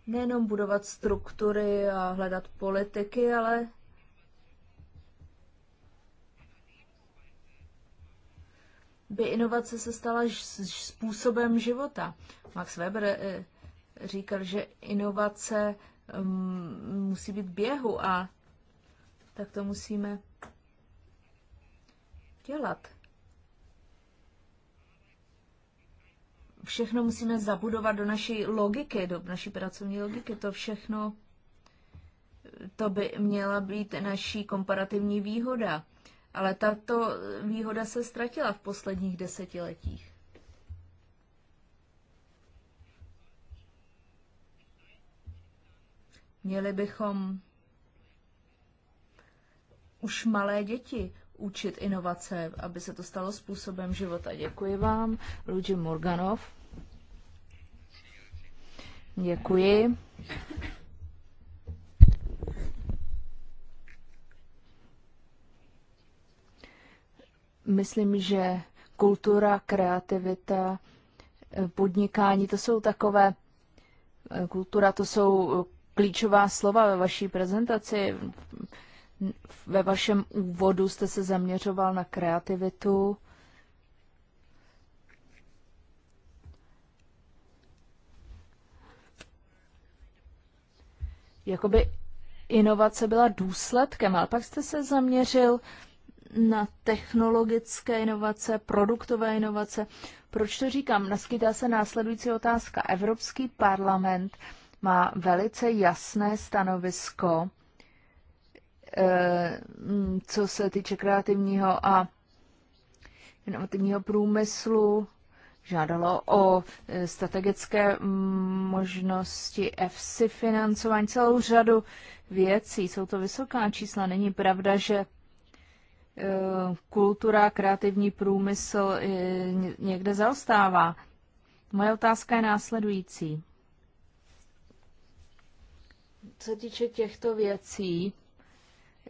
Nejenom budovat struktury a hledat politiky, ale by inovace se stala způsobem života. Max Weber eh, říkal, že inovace mm, musí být běhu a tak to musíme dělat. Všechno musíme zabudovat do naší logiky, do naší pracovní logiky. To všechno, to by měla být naší komparativní výhoda. Ale tato výhoda se ztratila v posledních desetiletích. Měli bychom už malé děti učit inovace, aby se to stalo způsobem života. Děkuji vám, Luigi Morganov. Děkuji. Myslím, že kultura, kreativita, podnikání, to jsou takové, kultura, to jsou klíčová slova ve vaší prezentaci ve vašem úvodu jste se zaměřoval na kreativitu. Jakoby inovace byla důsledkem, ale pak jste se zaměřil na technologické inovace, produktové inovace. Proč to říkám? Naskytá se následující otázka. Evropský parlament má velice jasné stanovisko Eh, mm, co se týče kreativního a inovativního průmyslu, žádalo o eh, strategické mm, možnosti EFSI financování celou řadu věcí. Jsou to vysoká čísla. Není pravda, že eh, kultura, kreativní průmysl někde zaostává. Moje otázka je následující. Co se týče těchto věcí,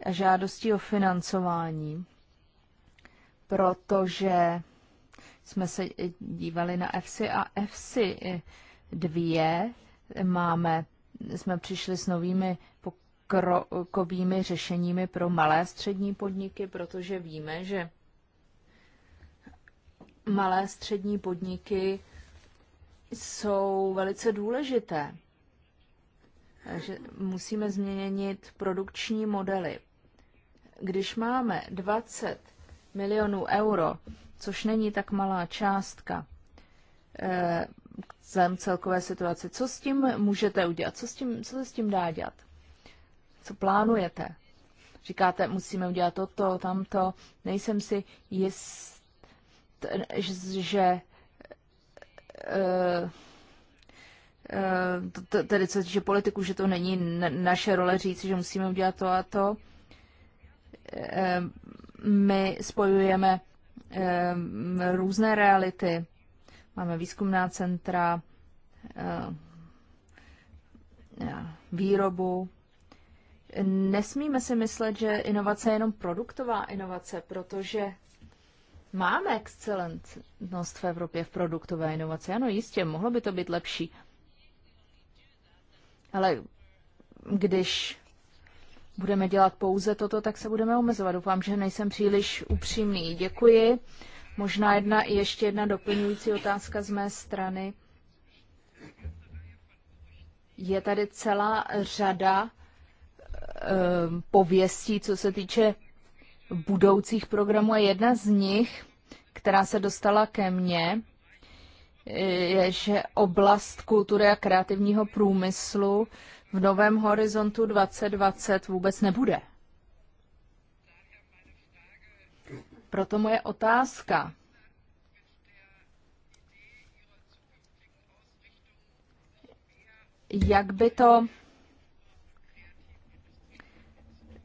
žádostí o financování, protože jsme se dívali na EFSI a EFSI 2 máme, jsme přišli s novými pokrokovými řešeními pro malé střední podniky, protože víme, že malé střední podniky jsou velice důležité. takže musíme změnit produkční modely, když máme 20 milionů euro, což není tak malá částka, eh, zem celkové situaci, co s tím můžete udělat? Co, s tím, co se s tím dá dělat? Co plánujete? Říkáte, musíme udělat toto, tamto. Nejsem si jist, že eh, eh, tedy co týče politiku, že to není naše role říct, že musíme udělat to a to my spojujeme různé reality. Máme výzkumná centra, výrobu. Nesmíme si myslet, že inovace je jenom produktová inovace, protože máme excelentnost v Evropě v produktové inovaci. Ano, jistě, mohlo by to být lepší. Ale když budeme dělat pouze toto, tak se budeme omezovat. Doufám, že nejsem příliš upřímný. Děkuji. Možná jedna, ještě jedna doplňující otázka z mé strany. Je tady celá řada ehm, pověstí, co se týče budoucích programů a jedna z nich, která se dostala ke mně, je, že oblast kultury a kreativního průmyslu v novém horizontu 2020 vůbec nebude. Proto moje otázka. Jak by to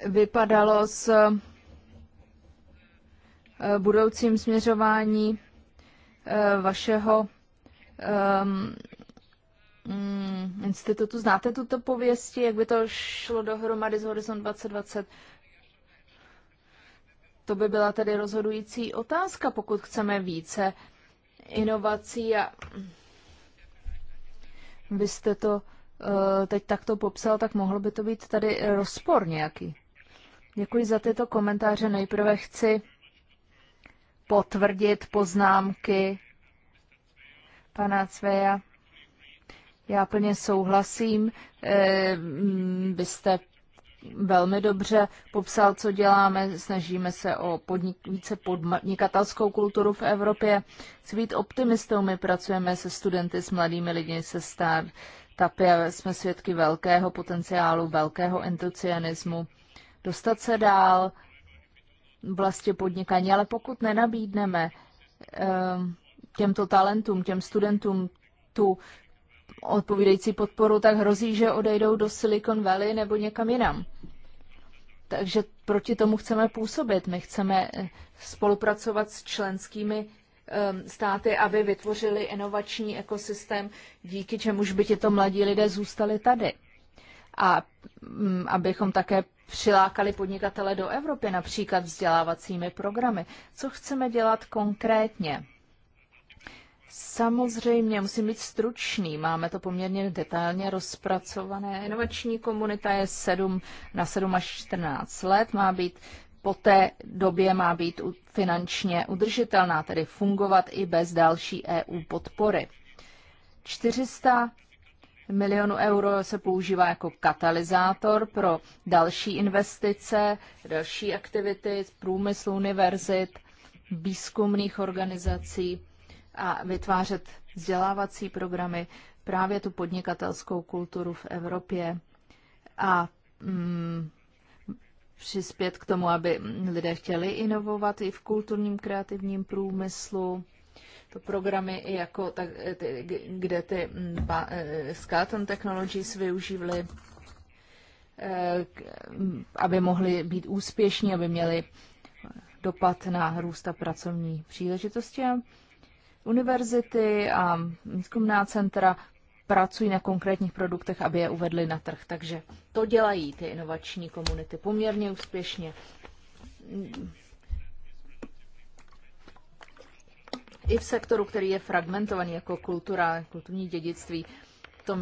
vypadalo s eh, budoucím směřování eh, vašeho ehm, institutu. Znáte tuto pověsti, jak by to šlo dohromady z Horizon 2020? To by byla tedy rozhodující otázka, pokud chceme více inovací a vy jste to eh, teď takto popsal, tak mohl by to být tady rozpor nějaký. Děkuji za tyto komentáře. Nejprve chci potvrdit poznámky pana Cveja já plně souhlasím. Byste eh, mm, velmi dobře popsal, co děláme. Snažíme se o podnik, více podnikatelskou kulturu v Evropě. S být optimistou. My pracujeme se studenty, s mladými lidmi, se startupy a jsme svědky velkého potenciálu, velkého entuzianismu. Dostat se dál vlastně podnikání, ale pokud nenabídneme eh, těmto talentům, těm studentům tu odpovídající podporu, tak hrozí, že odejdou do Silicon Valley nebo někam jinam. Takže proti tomu chceme působit. My chceme eh, spolupracovat s členskými ehm, státy, aby vytvořili inovační ekosystém, díky čemuž by tito mladí lidé zůstali tady. A mm, abychom také přilákali podnikatele do Evropy, například vzdělávacími programy. Co chceme dělat konkrétně? Samozřejmě, musím být stručný, máme to poměrně detailně rozpracované. Inovační komunita je 7, na 7 až 14 let, má být po té době má být finančně udržitelná, tedy fungovat i bez další EU podpory. 400 milionů euro se používá jako katalyzátor pro další investice, další aktivity z průmyslu, univerzit, výzkumných organizací a vytvářet vzdělávací programy, právě tu podnikatelskou kulturu v Evropě a mm, přispět k tomu, aby lidé chtěli inovovat i v kulturním kreativním průmyslu. To programy, jako tak, ty, kde ty mm, ba, e, Skeleton Technologies využívali, e, mm, aby mohli být úspěšní, aby měli dopad na růst a pracovní příležitosti. Univerzity a výzkumná centra pracují na konkrétních produktech, aby je uvedli na trh. Takže to dělají ty inovační komunity poměrně úspěšně. I v sektoru, který je fragmentovaný jako kultura, kulturní dědictví, to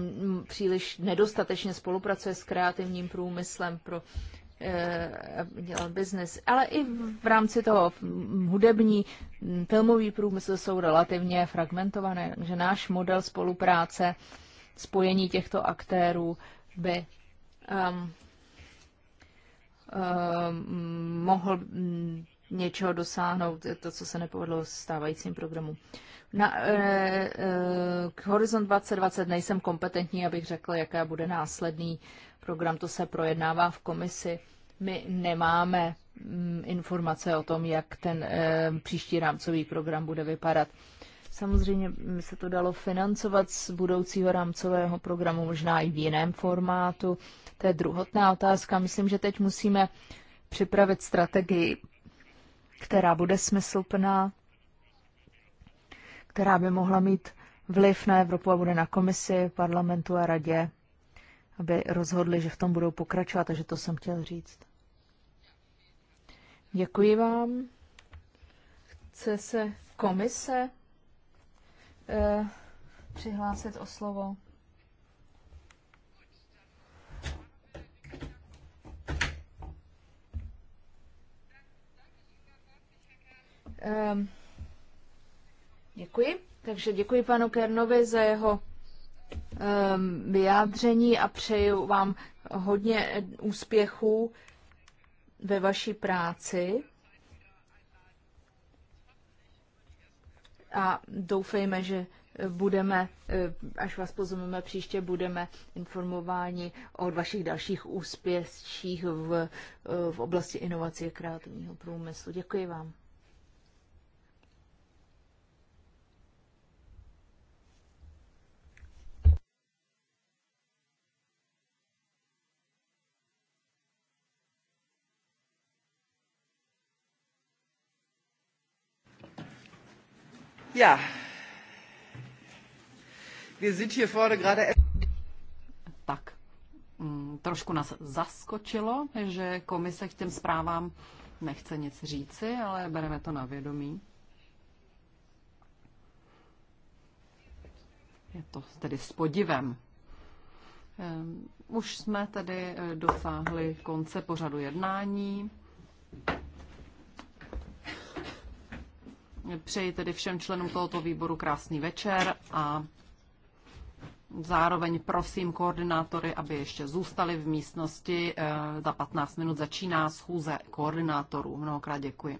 příliš nedostatečně spolupracuje s kreativním průmyslem pro Eh, dělal biznis. Ale i v rámci toho hudební, filmový průmysl jsou relativně fragmentované, takže náš model spolupráce, spojení těchto aktérů by um, um, mohl něčeho dosáhnout, to, co se nepovedlo s stávajícím programu. Na, e, e, k Horizon 2020 nejsem kompetentní, abych řekla, jaká bude následný program. To se projednává v komisi my nemáme mm, informace o tom, jak ten eh, příští rámcový program bude vypadat. Samozřejmě by mm, se to dalo financovat z budoucího rámcového programu, možná i v jiném formátu. To je druhotná otázka. Myslím, že teď musíme připravit strategii, která bude smysluplná, která by mohla mít vliv na Evropu a bude na komisi, parlamentu a radě, aby rozhodli, že v tom budou pokračovat, takže to jsem chtěl říct. Děkuji vám. Chce se komise eh, přihlásit o slovo? Ehm, děkuji. Takže děkuji panu Kernovi za jeho um, vyjádření a přeju vám hodně úspěchů ve vaší práci a doufejme, že budeme, e, až vás pozumeme příště, budeme informováni o vašich dalších úspěších v, e, v oblasti inovací a kreativního průmyslu. Děkuji vám. Ja. Wir sind hier vorne gerade... Tak, mm, trošku nás zaskočilo, že komise k těm zprávám nechce nic říci, ale bereme to na vědomí. Je to tedy s podivem. Už jsme tedy eh, dosáhli konce pořadu jednání. Přeji tedy všem členům tohoto výboru krásný večer a zároveň prosím koordinátory, aby ještě zůstali v místnosti. Eh, za 15 minut začíná schůze koordinátorů. Mnohokrát děkuji.